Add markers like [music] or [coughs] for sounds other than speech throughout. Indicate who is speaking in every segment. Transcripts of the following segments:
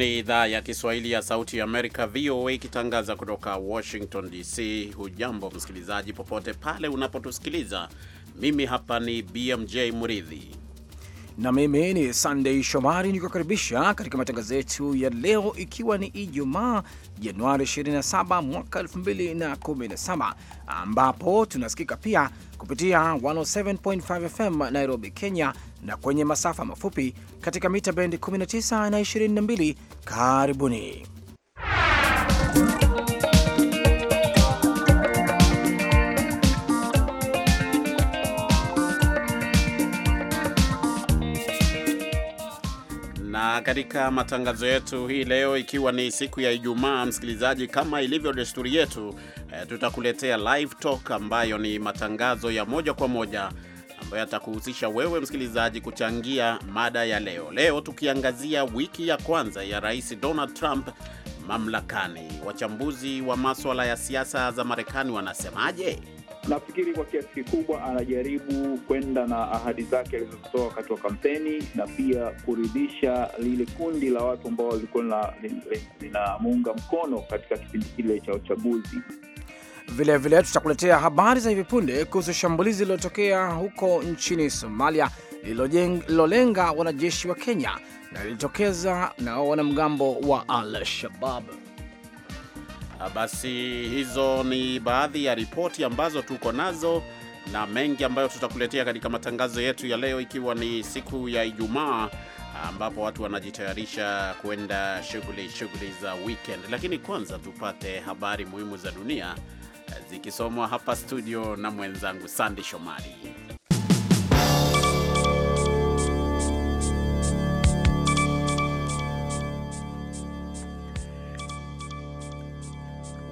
Speaker 1: ni idhaa ya Kiswahili ya Sauti ya Amerika, VOA, ikitangaza kutoka Washington DC. Hujambo msikilizaji, popote pale unapotusikiliza. Mimi hapa ni BMJ Muridhi
Speaker 2: na mimi ni sandey Shomari, nikukaribisha katika matangazo yetu ya leo, ikiwa ni Ijumaa Januari 27 mwaka 2017, ambapo tunasikika pia kupitia 107.5 FM Nairobi, Kenya, na kwenye masafa mafupi katika mita bendi 19 na 22. Karibuni
Speaker 1: Na katika matangazo yetu hii leo, ikiwa ni siku ya Ijumaa, msikilizaji, kama ilivyo desturi yetu eh, tutakuletea live talk ambayo ni matangazo ya moja kwa moja ambayo yatakuhusisha wewe msikilizaji kuchangia mada ya leo. Leo tukiangazia wiki ya kwanza ya Rais Donald Trump mamlakani. Wachambuzi wa maswala ya siasa za Marekani wanasemaje?
Speaker 3: Nafikiri kwa kiasi kikubwa anajaribu kwenda na ahadi zake alizozitoa wakati wa kampeni na pia kuridhisha lile kundi la watu ambao walikuwa linamuunga mkono katika kipindi kile cha uchaguzi.
Speaker 2: Vilevile tutakuletea habari za hivi punde kuhusu shambulizi lililotokea huko nchini Somalia lililolenga wanajeshi wa Kenya na lilitokeza na wanamgambo wa
Speaker 1: Al Shabab. Ah, basi hizo ni baadhi ya ripoti ambazo tuko nazo na mengi ambayo tutakuletea katika matangazo yetu ya leo, ikiwa ni siku ya Ijumaa ambapo watu wanajitayarisha kwenda shughuli shughuli za weekend. Lakini kwanza tupate habari muhimu za dunia zikisomwa hapa studio na mwenzangu Sandy Shomari.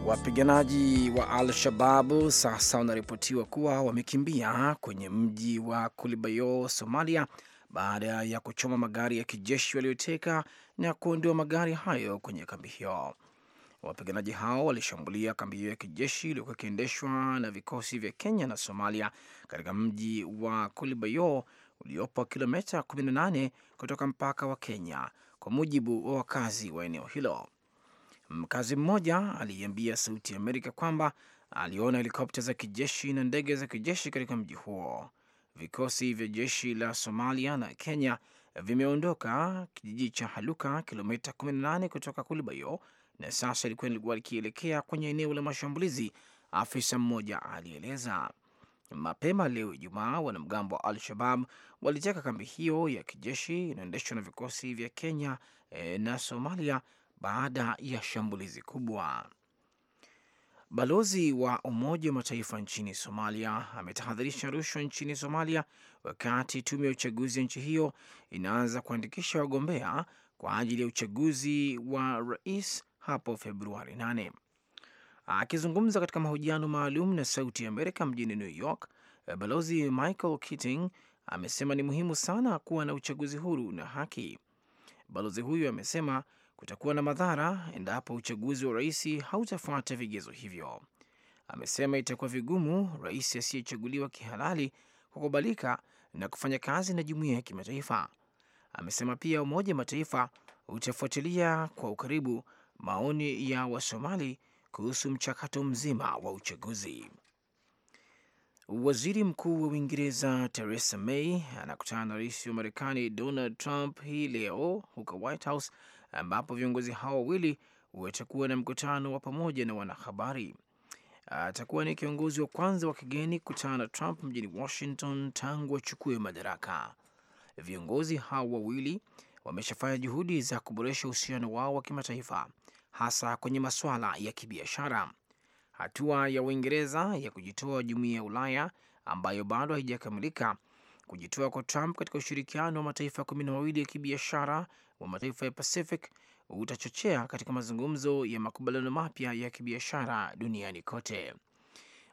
Speaker 2: Wapiganaji wa Al-Shababu sasa wanaripotiwa kuwa wamekimbia kwenye mji wa Kulibayo, Somalia, baada ya kuchoma magari ya kijeshi walioteka na kuondoa magari hayo kwenye kambi hiyo. Wapiganaji hao walishambulia kambi hiyo ya kijeshi iliyokuwa ikiendeshwa na vikosi vya Kenya na Somalia katika mji wa Kulibayo uliopo kilomita 18 kutoka mpaka wa Kenya, kwa mujibu wa wakazi wa eneo hilo. Mkazi mmoja aliiambia Sauti ya Amerika kwamba aliona helikopta za kijeshi na ndege za kijeshi katika mji huo. Vikosi vya jeshi la Somalia na Kenya vimeondoka kijiji cha Haluka, kilomita 18 kutoka kulibayo na sasa ilikuwa ilikuwa likielekea kwenye eneo la mashambulizi, afisa mmoja alieleza. Mapema leo Ijumaa, wanamgambo wa Al-Shabab waliteka kambi hiyo ya kijeshi inaendeshwa na vikosi vya Kenya e, na Somalia baada ya shambulizi kubwa. Balozi wa Umoja wa Mataifa nchini Somalia ametahadharisha rushwa nchini Somalia wakati tume ya uchaguzi ya nchi hiyo inaanza kuandikisha wagombea kwa ajili ya uchaguzi wa rais hapo Februari 8. Akizungumza katika mahojiano maalum na Sauti ya Amerika mjini New York, balozi Michael Keating amesema ni muhimu sana kuwa na uchaguzi huru na haki. Balozi huyu amesema kutakuwa na madhara endapo uchaguzi wa rais hautafuata vigezo hivyo. Amesema itakuwa vigumu rais asiyechaguliwa kihalali kukubalika na kufanya kazi na jumuiya ya kimataifa. Amesema pia Umoja wa Mataifa utafuatilia kwa ukaribu maoni ya Wasomali kuhusu mchakato mzima wa uchaguzi. Waziri Mkuu wa Uingereza Theresa May anakutana na rais wa Marekani Donald Trump hii leo huko White House ambapo viongozi hao wawili watakuwa na mkutano wa pamoja na wanahabari. Atakuwa ni kiongozi wa kwanza wa kigeni kutana na Trump mjini Washington tangu achukue madaraka. Viongozi hao wawili wameshafanya juhudi za kuboresha uhusiano wao wa kimataifa, hasa kwenye masuala ya kibiashara. Hatua ya Uingereza ya kujitoa jumuiya ya Ulaya ambayo bado haijakamilika, kujitoa kwa Trump katika ushirikiano wa mataifa kumi na mawili ya kibiashara wa mataifa ya Pacific utachochea katika mazungumzo ya makubaliano mapya ya kibiashara duniani kote.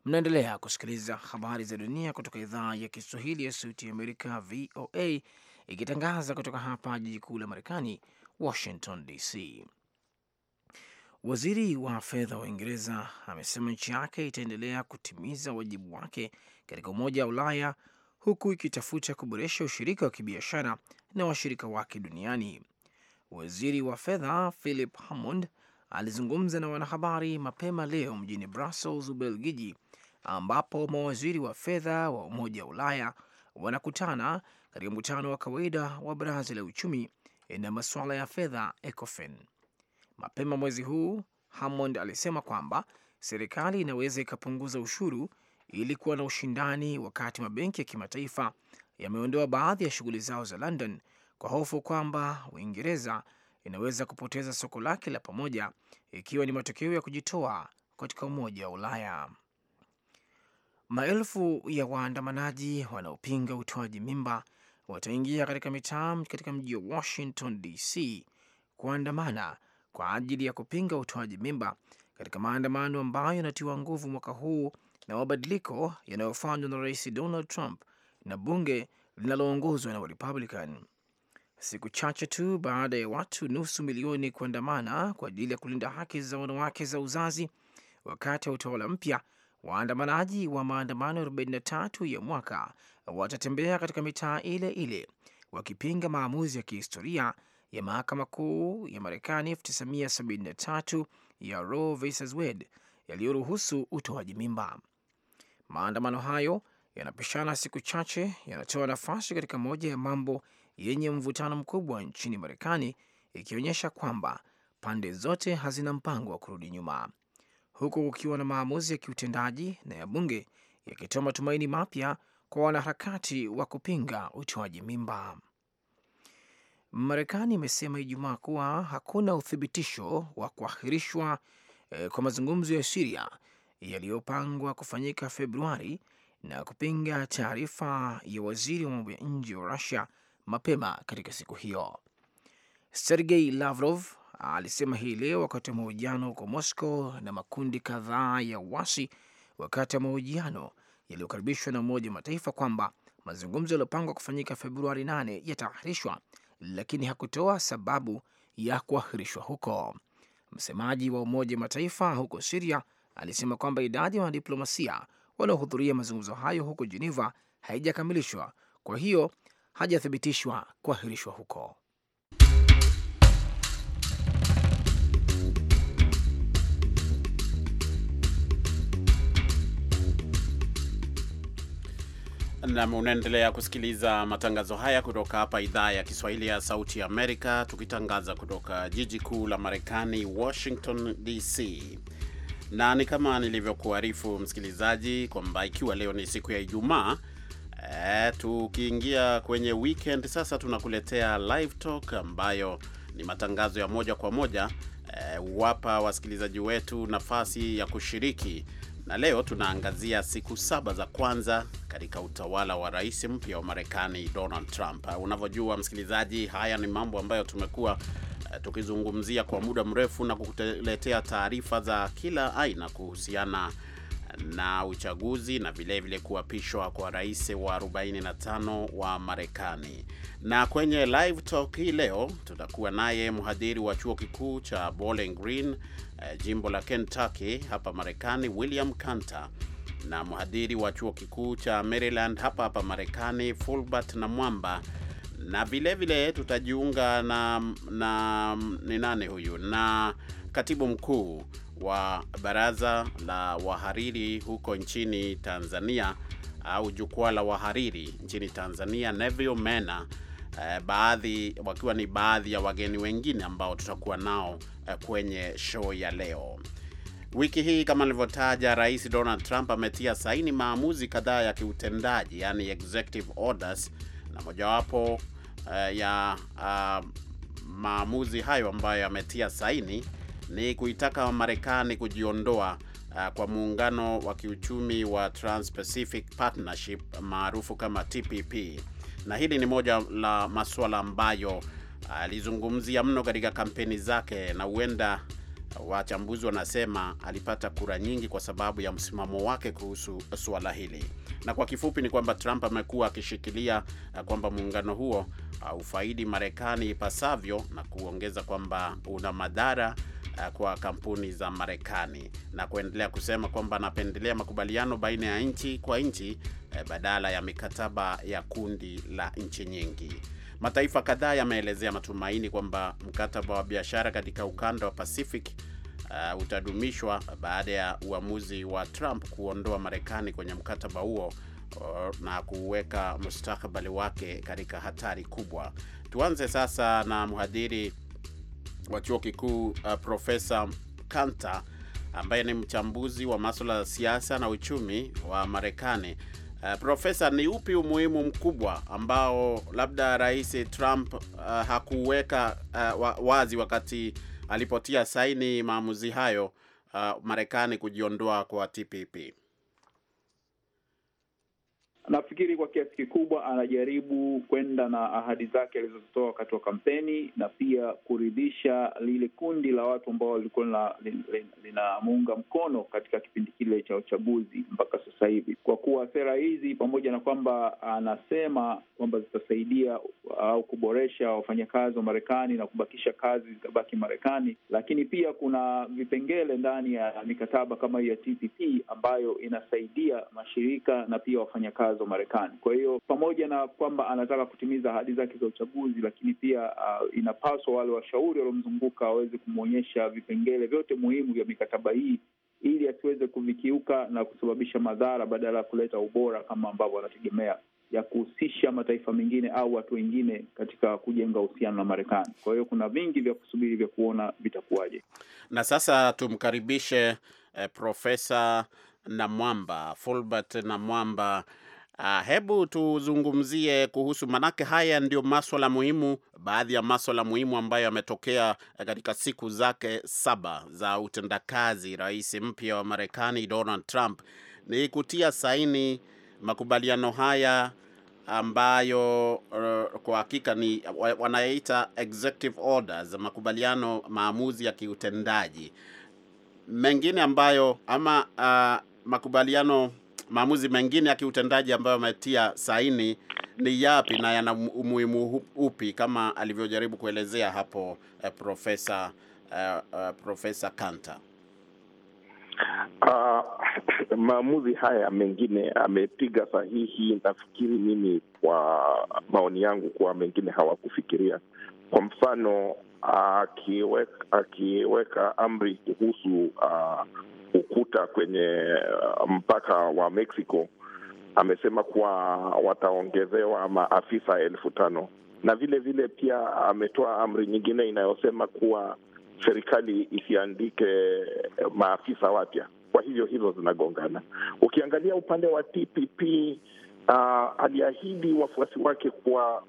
Speaker 2: Mnaendelea kusikiliza habari za dunia kutoka idhaa ya Kiswahili ya Sauti ya Amerika, VOA, ikitangaza kutoka hapa jiji kuu la Marekani, Washington DC. Waziri wa fedha wa Uingereza amesema nchi yake itaendelea kutimiza wajibu wake katika Umoja wa Ulaya huku ikitafuta kuboresha ushirika wa kibiashara na washirika wake duniani. Waziri wa fedha Philip Hammond alizungumza na wanahabari mapema leo mjini Brussels, Ubelgiji, ambapo mawaziri wa fedha wa Umoja wa Ulaya wanakutana katika mkutano wa kawaida wa Baraza la Uchumi na masuala ya fedha, ECOFIN. Mapema mwezi huu, Hammond alisema kwamba serikali inaweza ikapunguza ushuru ili kuwa na ushindani, wakati mabenki ya kimataifa yameondoa baadhi ya shughuli zao za London kwa hofu kwamba Uingereza inaweza kupoteza soko lake la pamoja ikiwa ni matokeo ya kujitoa katika Umoja wa Ulaya. Maelfu ya waandamanaji wanaopinga utoaji mimba wataingia katika mitaa katika mji wa Washington DC kuandamana kwa ajili ya kupinga utoaji mimba katika maandamano ambayo yanatiwa nguvu mwaka huu na mabadiliko yanayofanywa na Rais Donald Trump na bunge linaloongozwa na Warepublican siku chache tu baada ya watu nusu milioni kuandamana kwa ajili ya kulinda haki za wanawake za uzazi wakati wa utawala mpya. Waandamanaji wa maandamano 43 ya mwaka watatembea katika mitaa ile ile wakipinga maamuzi ya kihistoria ya mahakama kuu ya Marekani 1973 ya Roe versus Wade yaliyoruhusu utoaji mimba. Maandamano hayo yanapishana siku chache, yanatoa nafasi katika moja ya mambo yenye mvutano mkubwa nchini Marekani, ikionyesha kwamba pande zote hazina mpango wa kurudi nyuma, huku kukiwa na maamuzi ya kiutendaji na ya bunge yakitoa matumaini mapya kwa wanaharakati wa kupinga utoaji mimba. Marekani imesema Ijumaa kuwa hakuna uthibitisho wa kuahirishwa eh, kwa mazungumzo ya Siria yaliyopangwa kufanyika Februari na kupinga taarifa ya waziri wa mambo ya nje wa Rusia mapema katika siku hiyo. Sergei Lavrov alisema hii leo wakati wa mahojiano huko Moscow na makundi kadhaa ya uasi wakati wa mahojiano yaliyokaribishwa na Umoja wa Mataifa kwamba mazungumzo yaliyopangwa kufanyika Februari 8 yataahirishwa, lakini hakutoa sababu ya kuahirishwa huko. Msemaji wa Umoja wa Mataifa huko Siria alisema kwamba idadi ya wanadiplomasia wanaohudhuria mazungumzo hayo huko Geneva haijakamilishwa, kwa hiyo hajathibitishwa kuahirishwa huko.
Speaker 1: Nam, unaendelea kusikiliza matangazo haya kutoka hapa idhaa ya Kiswahili ya Sauti Amerika, tukitangaza kutoka jiji kuu la Marekani, Washington DC. Na ni kama nilivyokuarifu msikilizaji, kwamba ikiwa leo ni siku ya Ijumaa E, tukiingia kwenye weekend sasa, tunakuletea live talk ambayo ni matangazo ya moja kwa moja eh, huwapa e, wasikilizaji wetu nafasi ya kushiriki, na leo tunaangazia siku saba za kwanza katika utawala wa rais mpya wa Marekani Donald Trump. Eh, unavyojua msikilizaji, haya ni mambo ambayo tumekuwa tukizungumzia kwa muda mrefu na kukuletea taarifa za kila aina kuhusiana na uchaguzi na vilevile kuapishwa kwa rais wa 45 wa Marekani. Na kwenye live talk hii leo tutakuwa naye mhadhiri wa chuo kikuu cha Bowling Green, eh, jimbo la Kentucky hapa Marekani, William Kanter na mhadhiri wa chuo kikuu cha Maryland hapa hapa Marekani, Fulbert na Mwamba na vilevile tutajiunga na, na ni nani huyu na katibu mkuu wa baraza la wahariri huko nchini Tanzania au jukwaa la wahariri nchini Tanzania, Nevio Mena, eh, baadhi wakiwa ni baadhi ya wageni wengine ambao tutakuwa nao eh, kwenye show ya leo. Wiki hii kama nilivyotaja, Rais Donald Trump ametia saini maamuzi kadhaa ya kiutendaji, yani executive orders, na mojawapo eh, ya uh, maamuzi hayo ambayo ametia saini ni kuitaka Marekani kujiondoa uh, kwa muungano wa kiuchumi wa Trans-Pacific Partnership maarufu kama TPP, na hili ni moja la masuala ambayo uh, alizungumzia uh, mno katika kampeni zake na huenda wachambuzi wanasema alipata kura nyingi kwa sababu ya msimamo wake kuhusu suala hili. Na kwa kifupi ni kwamba Trump amekuwa akishikilia eh, kwamba muungano huo haufaidi Marekani ipasavyo na kuongeza kwamba una madhara eh, kwa kampuni za Marekani na kuendelea kusema kwamba anapendelea makubaliano baina ya nchi kwa nchi eh, badala ya mikataba ya kundi la nchi nyingi. Mataifa kadhaa yameelezea matumaini kwamba mkataba wa biashara katika ukanda wa Pacific uh, utadumishwa baada ya uamuzi wa Trump kuondoa Marekani kwenye mkataba huo uh, na kuweka mustakabali wake katika hatari kubwa. Tuanze sasa na mhadhiri wa chuo kikuu uh, Profesa Kanta ambaye ni mchambuzi wa maswala ya siasa na uchumi wa Marekani. Uh, Profesa, ni upi umuhimu mkubwa ambao labda Rais Trump uh, hakuweka uh, wazi wakati alipotia saini maamuzi hayo uh, Marekani kujiondoa kwa TPP?
Speaker 3: Nafikiri kwa kiasi kikubwa anajaribu kwenda na ahadi zake alizozitoa wakati wa kampeni na pia kuridhisha lile kundi la watu ambao lilikuwa linamuunga mkono katika kipindi kile cha uchaguzi mpaka sasa hivi, kwa kuwa sera hizi pamoja na kwamba anasema kwamba zitasaidia uh, au kuboresha wafanyakazi wa Marekani na kubakisha kazi zikabaki Marekani, lakini pia kuna vipengele ndani ya mikataba kama hiyo ya TPP ambayo inasaidia mashirika na pia wafanyakazi nazo Marekani. Kwa hiyo pamoja na kwamba anataka kutimiza ahadi zake za uchaguzi, lakini pia uh, inapaswa wale washauri waliomzunguka waweze kumwonyesha vipengele vyote muhimu vya mikataba hii ili asiweze kuvikiuka na kusababisha madhara badala ya kuleta ubora kama ambavyo wanategemea ya kuhusisha mataifa mengine au watu wengine katika kujenga uhusiano na Marekani. Kwa hiyo kuna vingi vya kusubiri vya kuona vitakuwaje.
Speaker 1: Na sasa tumkaribishe eh, Profesa Namwamba Fulbert Namwamba Uh, hebu tuzungumzie kuhusu, manake haya ndio maswala muhimu, baadhi ya maswala muhimu ambayo yametokea eh, katika siku zake saba za utendakazi. Rais mpya wa Marekani Donald Trump ni kutia saini makubaliano haya ambayo uh, kwa hakika ni wanaita executive orders, makubaliano, maamuzi ya kiutendaji mengine ambayo ama uh, makubaliano maamuzi mengine ya kiutendaji ambayo ametia saini ni yapi na yana umuhimu upi, kama alivyojaribu kuelezea hapo eh, profesa eh, uh, Profesa Kanta?
Speaker 4: Uh, [coughs] maamuzi haya mengine amepiga sahihi, nafikiri mimi, kwa maoni yangu, kuwa mengine hawakufikiria. Kwa mfano akiweka amri kuhusu ah, ukuta kwenye ah, mpaka wa Mexico. Amesema kuwa wataongezewa maafisa elfu tano na vile vile pia ametoa amri nyingine inayosema kuwa serikali isiandike maafisa wapya. Kwa hivyo hizo zinagongana. Ukiangalia upande wa TPP, uh, ah, aliahidi wafuasi wake kuwa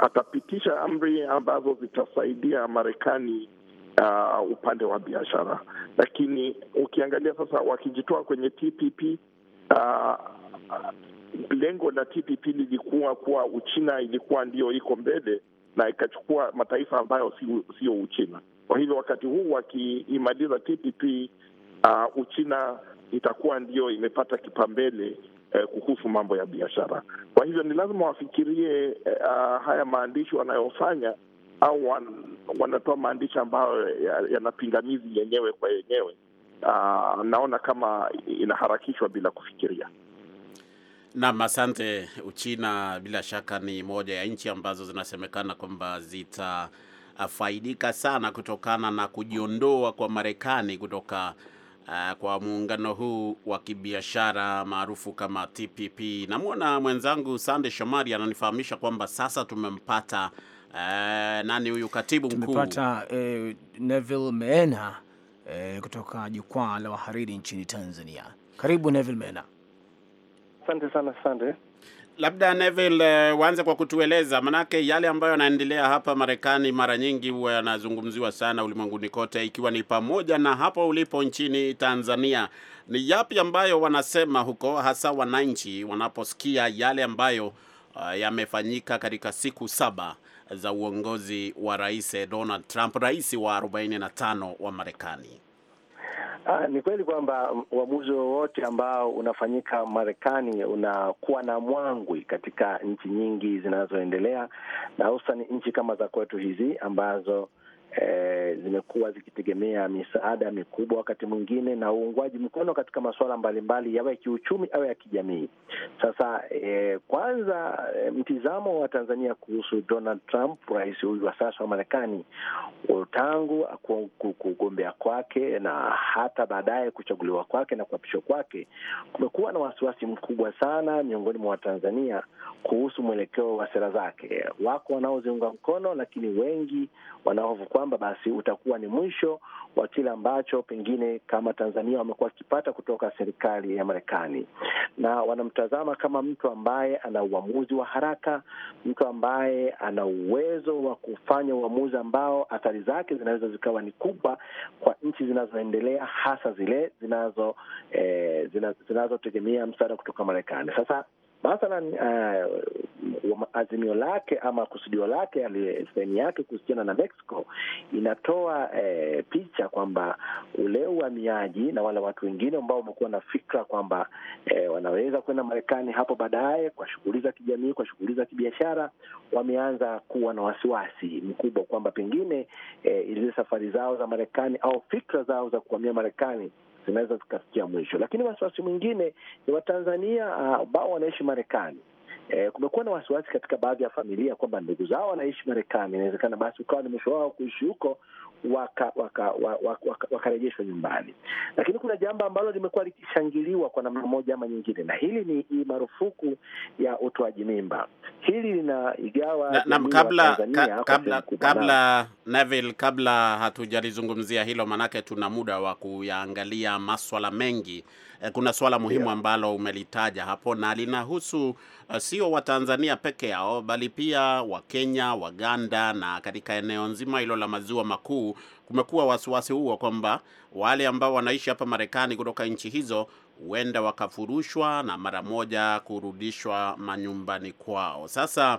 Speaker 4: atapitisha amri ambazo zitasaidia Marekani uh, upande wa biashara. Lakini ukiangalia sasa, wakijitoa kwenye TPP uh, lengo la TPP lilikuwa kuwa Uchina ilikuwa ndiyo iko mbele na ikachukua mataifa ambayo sio Uchina. Kwa hivyo wakati huu wakiimaliza TPP, uh, Uchina itakuwa ndiyo imepata kipambele eh, kuhusu mambo ya biashara. Kwa hivyo ni lazima wafikirie eh, ah, haya maandishi wanayofanya au wan, wanatoa maandishi ambayo yana pingamizi yenyewe kwa yenyewe. Uh, naona kama inaharakishwa bila kufikiria.
Speaker 1: Naam, asante. Uchina bila shaka ni moja ya nchi ambazo zinasemekana kwamba zitafaidika sana kutokana na kujiondoa kwa Marekani kutoka uh, kwa muungano huu wa kibiashara maarufu kama TPP. Namwona mwenzangu Sande Shomari ananifahamisha kwamba sasa tumempata uh, nani huyu katibu mkuu, tumepata
Speaker 2: eh, Neville Meena eh, kutoka jukwaa la wahariri nchini Tanzania. Karibu Neville Meena.
Speaker 1: Asante sana Sande labda Neville, eh, uanze kwa kutueleza, manake yale ambayo yanaendelea hapa Marekani mara nyingi huwa yanazungumziwa sana ulimwenguni kote, ikiwa ni pamoja na hapo ulipo nchini Tanzania. Ni yapi ambayo wanasema huko, hasa wananchi wanaposikia yale ambayo uh, yamefanyika katika siku saba za uongozi wa Rais eh, Donald Trump, rais wa 45 wa Marekani?
Speaker 5: Uh, ni kweli kwamba uamuzi wowote ambao unafanyika Marekani unakuwa na mwangwi katika nchi nyingi zinazoendelea na hususan nchi kama za kwetu hizi ambazo eh, zimekuwa zikitegemea misaada mikubwa wakati mwingine na uungwaji mkono katika masuala mbalimbali yawe ya kiuchumi au ya kijamii. Sasa eh, kwanza eh, mtizamo wa Tanzania kuhusu Donald Trump, rais huyu wa sasa wa Marekani, tangu kugombea kwake na hata baadaye kuchaguliwa kwake na kuapishwa kwake, kumekuwa na wasiwasi mkubwa sana miongoni mwa Watanzania kuhusu mwelekeo wa sera zake. Wako wanaoziunga mkono, lakini wengi wanaovukwa kwamba basi utakuwa ni mwisho wa kile ambacho pengine kama Tanzania wamekuwa wakipata kutoka serikali ya Marekani, na wanamtazama kama mtu ambaye ana uamuzi wa haraka, mtu ambaye ana uwezo wa kufanya uamuzi ambao athari zake zinaweza zikawa ni kubwa kwa nchi zinazoendelea, hasa zile zinazo eh, zinazotegemea msaada kutoka Marekani. Sasa mathalan uh, azimio lake ama kusudio lake sehemu yake kuhusiana na Mexico inatoa eh, picha kwamba ule uhamiaji na wale watu wengine ambao wamekuwa na fikra kwamba eh, wanaweza kwenda Marekani hapo baadaye kwa shughuli za kijamii, kwa shughuli za kibiashara, wameanza kuwa na wasiwasi mkubwa kwamba pengine eh, zile safari zao za Marekani au fikra zao za kuhamia Marekani zinaweza zikafikia mwisho. Lakini wasiwasi mwingine ni Watanzania ambao uh, wanaishi Marekani. E, kumekuwa na wasiwasi katika baadhi ya familia kwamba ndugu zao wanaishi Marekani, inawezekana basi ukawa ni mwisho wao kuishi huko, wakarejeshwa waka, waka, waka, waka nyumbani. Lakini kuna jambo ambalo limekuwa likishangiliwa kwa namna moja ama nyingine, na hili ni marufuku ya utoaji mimba. Hili lina na, na, kabla, ka, kabla, kabla
Speaker 1: Neville, kabla hatujalizungumzia hilo, maanake tuna muda wa kuyaangalia maswala mengi Eh, kuna swala muhimu ambalo umelitaja hapo na linahusu uh, sio Watanzania peke yao bali pia Wakenya, Waganda na katika eneo nzima hilo la maziwa makuu. Kumekuwa wasiwasi huo kwamba wale ambao wanaishi hapa Marekani kutoka nchi hizo huenda wakafurushwa na mara moja kurudishwa manyumbani kwao. Sasa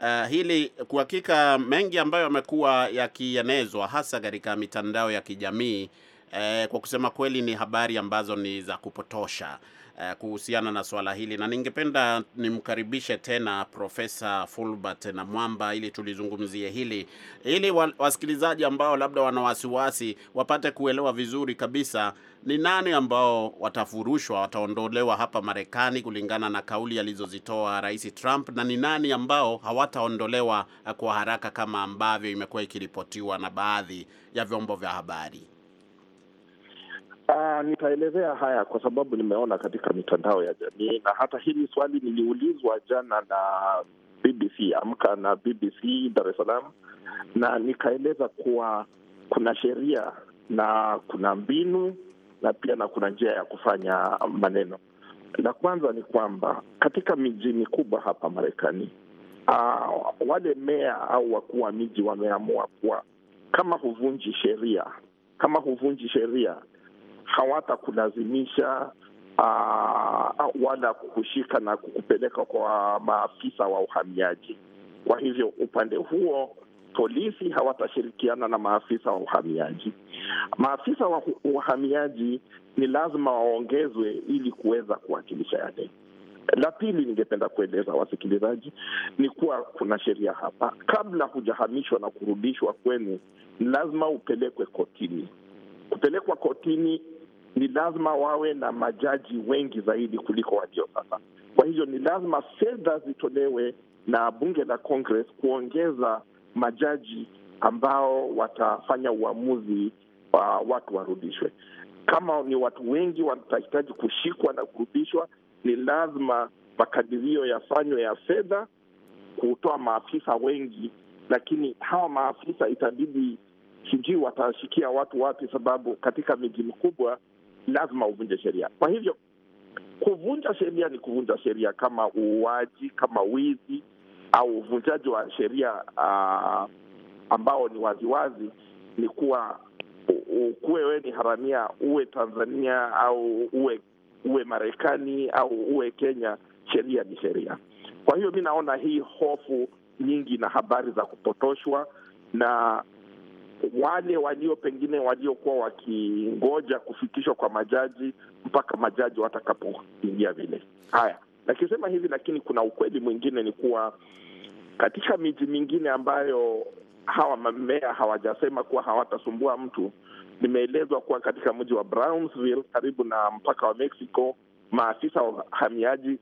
Speaker 1: uh, hili kwa hakika mengi ambayo yamekuwa yakienezwa hasa katika mitandao ya kijamii eh, kwa kusema kweli ni habari ambazo ni za kupotosha eh, kuhusiana na swala hili, na ningependa nimkaribishe tena Profesa Fulbert na Mwamba ili tulizungumzie hili ili wasikilizaji ambao labda wana wasiwasi wapate kuelewa vizuri kabisa ni nani ambao watafurushwa, wataondolewa hapa Marekani kulingana na kauli alizozitoa Rais Trump, na ni nani ambao hawataondolewa eh, kwa haraka kama ambavyo imekuwa ikiripotiwa na baadhi ya vyombo vya habari.
Speaker 4: Uh, nitaelezea haya kwa sababu nimeona katika mitandao ya jamii na hata hili swali niliulizwa jana na BBC Amka na BBC Dar es Salaam, na nikaeleza kuwa kuna sheria na kuna mbinu na pia na kuna njia ya kufanya maneno. La kwanza ni kwamba katika miji mikubwa hapa Marekani, uh, wale meya au wakuu wa miji wameamua kuwa kama huvunji sheria, kama huvunji sheria hawatakulazimisha uh, ah, ah, wala kukushika na kukupeleka kwa maafisa wa uhamiaji. Kwa hivyo upande huo polisi hawatashirikiana na maafisa wa uhamiaji. Maafisa wa uhamiaji ni lazima waongezwe ili kuweza kuwakilisha yale. La pili, ningependa kueleza wasikilizaji ni kuwa kuna sheria hapa, kabla hujahamishwa na kurudishwa kwenu, lazima upelekwe kotini. Kupelekwa kotini ni lazima wawe na majaji wengi zaidi kuliko walio sasa. Kwa hivyo ni lazima fedha zitolewe na bunge la Congress kuongeza majaji ambao watafanya uamuzi wa watu warudishwe. Kama ni watu wengi watahitaji kushikwa na kurudishwa, ni lazima makadirio yafanywe ya fedha kutoa maafisa wengi, lakini hawa maafisa itabidi sijui watashikia watu wapi, sababu katika miji mikubwa lazima uvunje sheria. Kwa hivyo kuvunja sheria ni kuvunja sheria, kama uuaji, kama wizi au uvunjaji wa sheria uh, ambao ni waziwazi ni kuwa ukuwe wewe ni haramia, uwe Tanzania au uwe uwe Marekani au uwe Kenya, sheria ni sheria. Kwa hiyo mi naona hii hofu nyingi na habari za kupotoshwa na wale walio pengine waliokuwa wakingoja kufikishwa kwa majaji mpaka majaji watakapoingia vile. Haya, nakisema hivi, lakini kuna ukweli mwingine ni kuwa katika miji mingine ambayo hawa mamea hawajasema kuwa hawatasumbua mtu, nimeelezwa kuwa katika mji wa Brownsville karibu na mpaka wa Mexico, maafisa wa uhamiaji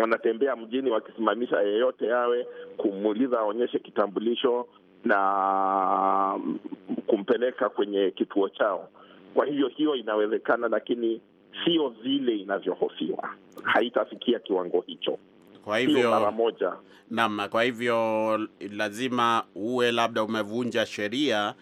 Speaker 4: wanatembea mjini wakisimamisha yeyote yawe, kumuuliza aonyeshe kitambulisho, na kumpeleka kwenye kituo chao. Kwa hivyo hiyo inawezekana, lakini sio vile inavyohofiwa, haitafikia kiwango hicho. Kwa hivyo mara moja,
Speaker 1: naam. Kwa hivyo lazima uwe labda umevunja sheria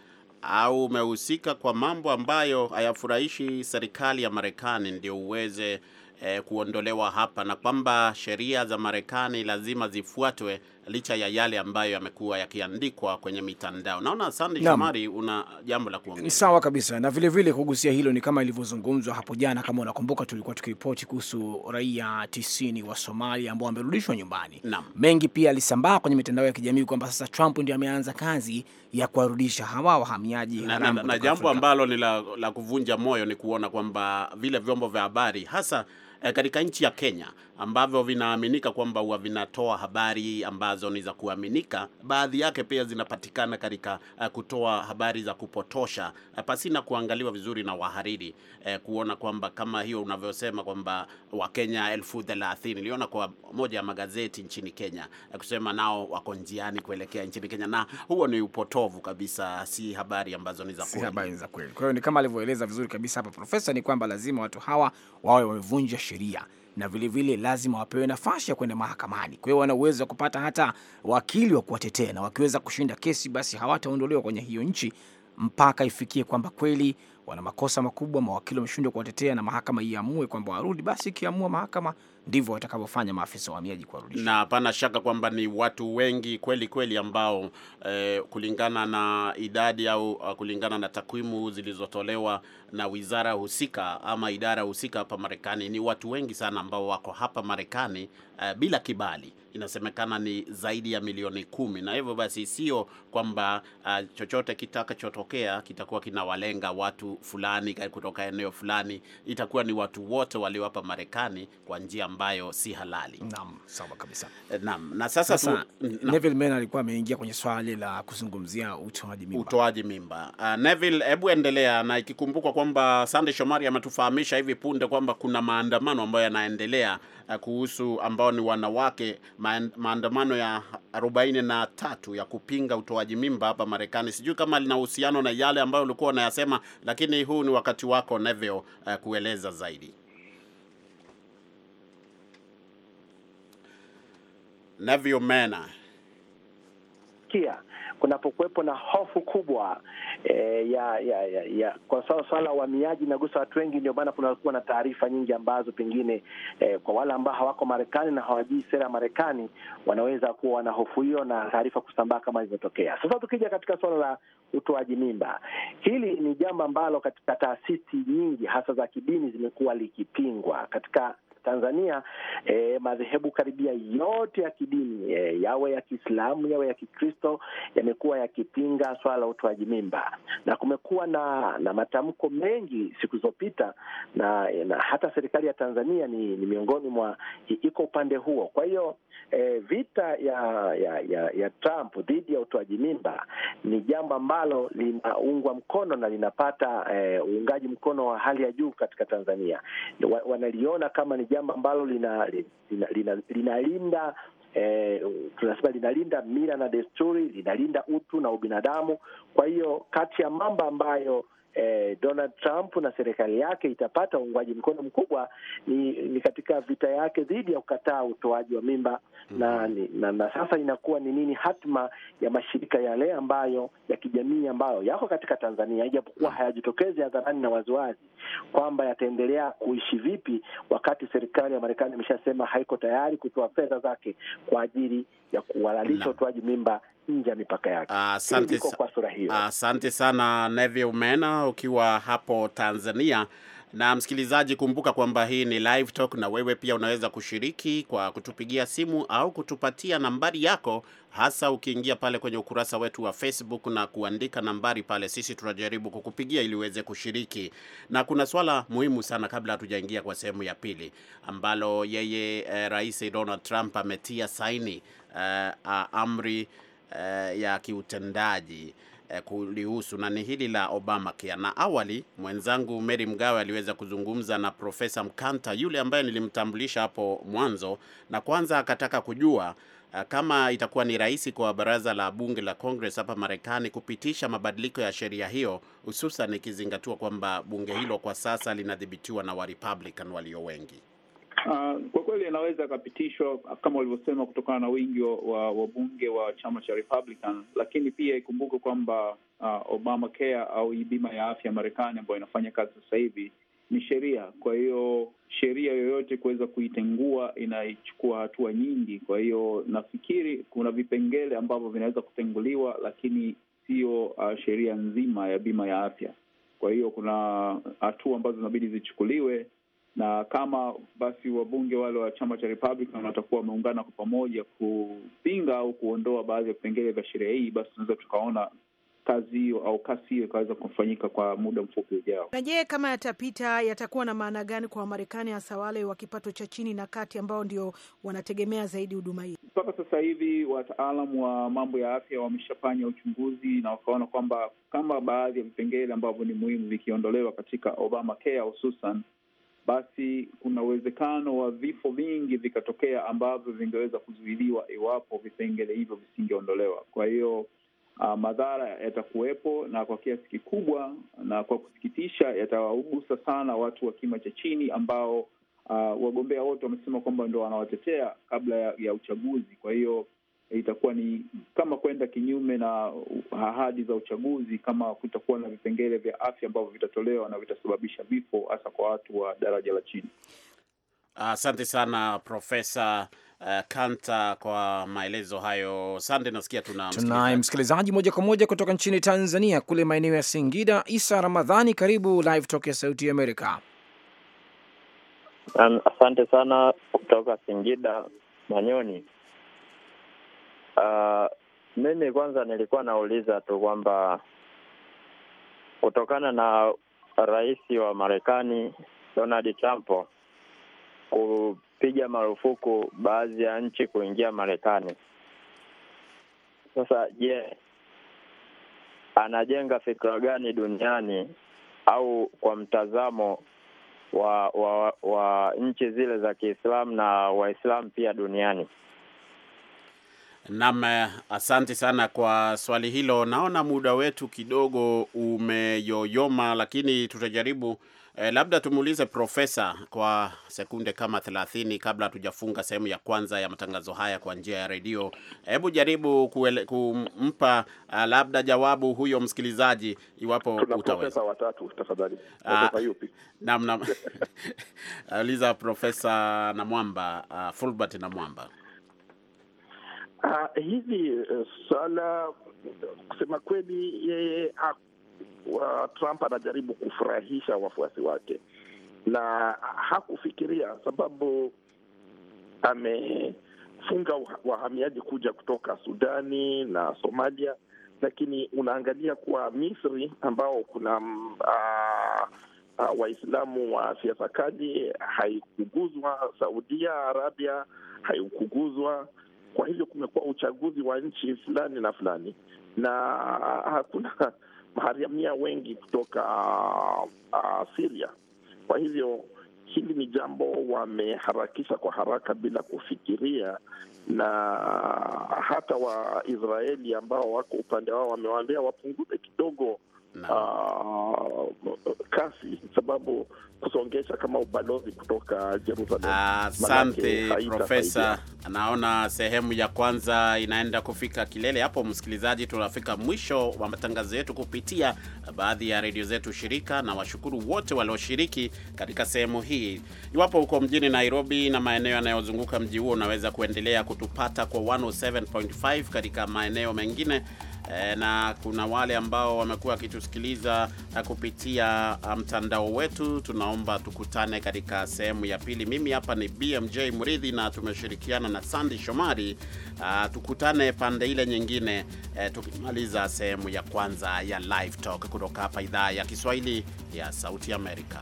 Speaker 1: au umehusika kwa mambo ambayo hayafurahishi serikali ya Marekani ndio uweze eh, kuondolewa hapa na kwamba sheria za Marekani lazima zifuatwe licha ya yale ambayo yamekuwa yakiandikwa kwenye mitandao. Naona Sande Shomari una jambo la kuongea. Ni sawa
Speaker 2: kabisa, na vile vile kugusia hilo ni kama ilivyozungumzwa hapo jana. Kama unakumbuka, tulikuwa tukiripoti kuhusu raia tisini wa Somalia ambao wamerudishwa nyumbani. Nam. Mengi pia alisambaa kwenye mitandao ya kijamii kwamba sasa Trump ndio ameanza kazi ya kuwarudisha hawa wahamiaji na, na, na
Speaker 1: jambo ambalo ni la, la kuvunja moyo ni kuona kwamba vile vyombo vya habari hasa Eh, katika nchi ya Kenya ambavyo vinaaminika kwamba huwa vinatoa habari ambazo ni za kuaminika. Baadhi yake pia zinapatikana katika eh, kutoa habari za kupotosha eh, pasina kuangaliwa vizuri na wahariri eh, kuona kwamba kama hiyo unavyosema kwamba Wakenya elfu thelathini niliona kwa moja ya magazeti nchini Kenya eh, kusema nao wako njiani kuelekea nchini Kenya, na huo ni upotovu kabisa, si habari ambazo ni za kweli, si habari za kweli. Kwa hiyo ni
Speaker 2: kama alivyoeleza vizuri kabisa hapa profesa, ni kwamba lazima watu hawa wawe wamevunja sheria, na vilevile vile lazima wapewe nafasi ya kwenda mahakamani. Kwa hiyo wana uwezo wa kupata hata wakili wa kuwatetea, na wakiweza kushinda kesi, basi hawataondolewa kwenye hiyo nchi mpaka ifikie kwamba kweli wana makosa makubwa, mawakili wameshindwa kuwatetea na mahakama iamue kwamba warudi. Basi ikiamua mahakama ndivyo watakavyofanya maafisa wa uhamiaji kuwarudisha,
Speaker 1: na hapana shaka kwamba ni watu wengi kweli kweli ambao eh, kulingana na idadi au uh, kulingana na takwimu zilizotolewa na wizara husika ama idara husika hapa Marekani, ni watu wengi sana ambao wako hapa Marekani eh, bila kibali. Inasemekana ni zaidi ya milioni kumi, na hivyo basi sio kwamba uh, chochote kitakachotokea kitakuwa kinawalenga watu fulani kutoka eneo fulani, itakuwa ni watu wote walio hapa Marekani kwa njia ambayo si halali. Naam, sawa kabisa. Eh, naam, na sasa, sasa tu,
Speaker 2: Neville Mena alikuwa ameingia kwenye swali la kuzungumzia utoaji mimba. Utoaji mimba.
Speaker 1: Uh, Neville, hebu endelea na ikikumbukwa kwamba Sande Shomari ametufahamisha hivi punde kwamba kuna maandamano ambayo yanaendelea uh, kuhusu ambao ni wanawake maandamano ya 43 ya kupinga utoaji mimba hapa Marekani. Sijui kama lina uhusiano na yale ambayo ulikuwa unayasema, lakini huu ni wakati wako Neville, uh, kueleza zaidi. Neville Mena
Speaker 5: kia kunapokuwepo na hofu kubwa e, ya, ya, ya, ya kwa sababu swala la uhamiaji inagusa watu wengi, ndio maana kunakuwa na taarifa nyingi ambazo pengine e, kwa wale ambao hawako Marekani na hawajui sera ya Marekani wanaweza kuwa na hofu hiyo na taarifa kusambaa kama ilivyotokea sasa. Tukija katika swala la utoaji mimba, hili ni jambo ambalo katika taasisi nyingi hasa za kidini zimekuwa likipingwa katika Tanzania eh, madhehebu karibia yote ya kidini eh, yawe ya Kiislamu yawe ya Kikristo yamekuwa yakipinga swala la utoaji mimba, na kumekuwa na na matamko mengi siku zilizopita na, na hata serikali ya Tanzania ni, ni miongoni mwa iko upande huo. Kwa hiyo eh, vita ya ya, ya ya Trump dhidi ya utoaji mimba ni jambo ambalo linaungwa mkono na linapata e, uungaji mkono wa hali ya juu katika Tanzania, wanaliona kama ni jambo ambalo linalinda lina, lina, lina eh, tunasema linalinda mila na desturi, linalinda utu na ubinadamu. Kwa hiyo kati ya mambo ambayo eh, Donald Trump na serikali yake itapata uungwaji mkono mkubwa ni, ni katika vita yake dhidi ya kukataa utoaji wa mimba mm. na, na na sasa inakuwa ni nini hatma ya mashirika yale ambayo ya kijamii ambayo yako katika Tanzania, ijapokuwa mhm. hayajitokezi hadharani na waziwazi, kwamba yataendelea kuishi vipi, wakati serikali ya Marekani imeshasema haiko tayari kutoa fedha zake kwa ajili ya kuhalalisha utoaji mimba nje ya mipaka yake.
Speaker 1: Asante kwa sura hiyo. Asante sana Nevi Umena ukiwa hapo Tanzania. Na msikilizaji, kumbuka kwamba hii ni live talk, na wewe pia unaweza kushiriki kwa kutupigia simu au kutupatia nambari yako, hasa ukiingia pale kwenye ukurasa wetu wa Facebook na kuandika nambari pale, sisi tunajaribu kukupigia ili uweze kushiriki. Na kuna swala muhimu sana, kabla hatujaingia kwa sehemu ya pili, ambalo yeye eh, Rais Donald Trump ametia saini eh, amri eh, ya kiutendaji eh, kulihusu na ni hili la Obamacare. Na awali mwenzangu Mary Mgawe aliweza kuzungumza na Profesa Mkanta yule ambaye nilimtambulisha hapo mwanzo, na kwanza akataka kujua eh, kama itakuwa ni rahisi kwa baraza la bunge la Congress hapa Marekani kupitisha mabadiliko ya sheria hiyo, hususan ikizingatiwa kwamba bunge hilo kwa sasa linadhibitiwa na Republican walio wengi.
Speaker 3: Uh, inaweza ikapitishwa kama walivyosema, kutokana na wingi wa wabunge wa, wa chama cha Republican, lakini pia ikumbuke kwamba uh, Care au hii bima ya afya ya Marekani ambayo inafanya kazi sasa hivi ni sheria. Kwa hiyo sheria yoyote kuweza kuitengua inaichukua hatua nyingi. Kwa hiyo nafikiri kuna vipengele ambavyo vinaweza kutenguliwa, lakini sio uh, sheria nzima ya bima ya afya. Kwa hiyo kuna hatua ambazo zinabidi zichukuliwe na kama basi wabunge wale wa chama cha Republican watakuwa wameungana kwa pamoja kupinga au kuondoa baadhi ya vipengele vya sheria hii, basi tunaweza tukaona kazi hiyo au kasi hiyo ikaweza kufanyika kwa muda mfupi ujao.
Speaker 2: Na je, kama yatapita yatakuwa na maana gani kwa Wamarekani, hasa wale wa kipato cha chini na kati ambao ndio wanategemea zaidi huduma hii?
Speaker 3: Mpaka sasa hivi wataalamu wa mambo ya afya wameshafanya uchunguzi na wakaona kwamba kama baadhi ya vipengele ambavyo ni muhimu vikiondolewa katika Obamacare hususan basi kuna uwezekano wa vifo vingi vikatokea ambavyo vingeweza kuzuiliwa iwapo vipengele hivyo visingeondolewa. Kwa hiyo uh, madhara yatakuwepo na kwa kiasi kikubwa, na kwa kusikitisha, yatawagusa sana watu wa kima cha chini ambao uh, wagombea wote wamesema kwamba ndo wanawatetea kabla ya, ya uchaguzi. Kwa hiyo itakuwa ni kama kwenda kinyume na ahadi za uchaguzi, kama kutakuwa na vipengele vya afya ambavyo vitatolewa na vitasababisha vifo, hasa kwa watu wa daraja la chini.
Speaker 1: Asante uh, sana Profesa uh, Kanta kwa maelezo hayo. Sande, nasikia tuna tunaye
Speaker 2: msikilizaji moja kwa moja kutoka nchini Tanzania, kule maeneo ya Singida. Isa Ramadhani, karibu Live Talk ya Sauti ya Amerika. asante sana
Speaker 5: kutoka Singida Manyoni. Uh, mimi kwanza nilikuwa nauliza tu kwamba kutokana na rais wa Marekani Donald Trump kupiga marufuku baadhi ya nchi kuingia Marekani, sasa je, yeah, anajenga fikra gani duniani au kwa mtazamo wa wa, wa nchi zile za Kiislamu
Speaker 1: na Waislamu pia duniani? Nam, eh, asante sana kwa swali hilo. Naona muda wetu kidogo umeyoyoma, lakini tutajaribu eh, labda tumuulize profesa kwa sekunde kama thelathini kabla hatujafunga sehemu ya kwanza ya matangazo haya kwa njia ya redio. Hebu jaribu kuele, kumpa uh, labda jawabu huyo msikilizaji iwapo utaweza. Ah, naam, [laughs] Profesa Namwamba, uh, Fulbert Namwamba.
Speaker 4: Uh, ah, hili uh, eh, swala kusema kweli, yeye uh, Trump anajaribu kufurahisha wafuasi wake na hakufikiria sababu amefunga wahamiaji kuja kutoka Sudani na Somalia, lakini unaangalia kuwa Misri ambao kuna uh, uh, Waislamu wa siasa kali haikuguzwa, Saudia Arabia haikuguzwa kwa hivyo kumekuwa uchaguzi wa nchi fulani na fulani, na hakuna maharamia wengi kutoka uh, ah, ah, siria Kwa hivyo hili ni jambo wameharakisha kwa haraka bila kufikiria, na hata Waisraeli ambao wako upande wao wamewaambia wapunguze kidogo Uh, kasi sababu kusongesha kama ubalozi kutoka Jerusalem. Ah, asante Profesa,
Speaker 1: naona sehemu ya kwanza inaenda kufika kilele hapo. Msikilizaji, tunafika mwisho wa matangazo yetu kupitia baadhi ya redio zetu shirika, na washukuru wote walioshiriki katika sehemu hii. Iwapo huko mjini Nairobi na maeneo yanayozunguka mji huo, unaweza kuendelea kutupata kwa 107.5 katika maeneo mengine e, na kuna wale ambao wamekuwa wakitusikiliza eh, kupitia eh, mtandao wetu. Tunaomba tukutane katika sehemu ya pili. Mimi hapa ni BMJ Mridhi na tumeshirikiana na Sandy Shomari. A, ah, tukutane pande ile nyingine e, tukimaliza sehemu ya kwanza ya Live Talk kutoka hapa idhaa ya Kiswahili ya Sauti Amerika.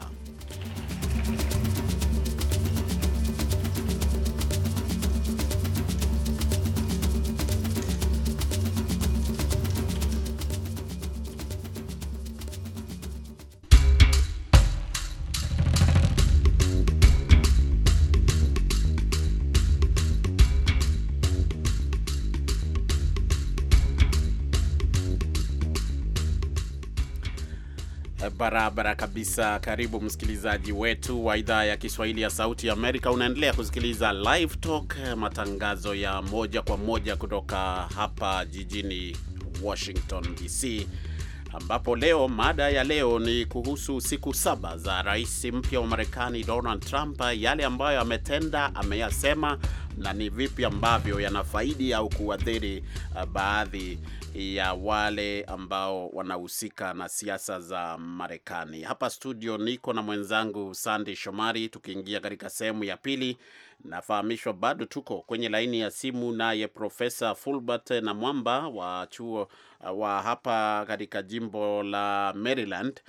Speaker 1: barabara kabisa. Karibu msikilizaji wetu wa idhaa ya Kiswahili ya Sauti ya Amerika. Unaendelea kusikiliza Live Talk, eh, matangazo ya moja kwa moja kutoka hapa jijini Washington DC ambapo leo mada ya leo ni kuhusu siku saba za rais mpya wa Marekani Donald Trump, yale ambayo ametenda, ameyasema na ni vipi ambavyo yanafaidi au kuathiri uh, baadhi ya wale ambao wanahusika na siasa za Marekani. Hapa studio niko na mwenzangu Sandy Shomari. Tukiingia katika sehemu ya pili, nafahamishwa bado tuko kwenye laini ya simu, naye Profesa Fulbert na Mwamba wa chuo wa hapa katika jimbo la Maryland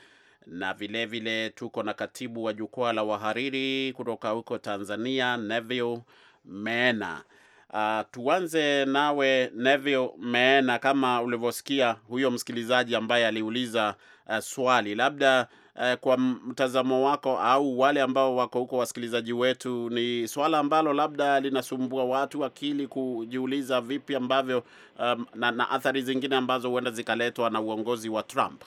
Speaker 1: na vilevile vile tuko na katibu wa jukwaa la wahariri kutoka huko Tanzania, Neville Meena. Uh, tuanze nawe Neville Meena, kama ulivyosikia huyo msikilizaji ambaye aliuliza uh, swali, labda eh, kwa mtazamo wako au wale ambao wako huko wasikilizaji wetu, ni swala ambalo labda linasumbua watu akili kujiuliza vipi ambavyo um, na, na athari zingine ambazo huenda zikaletwa na uongozi wa Trump?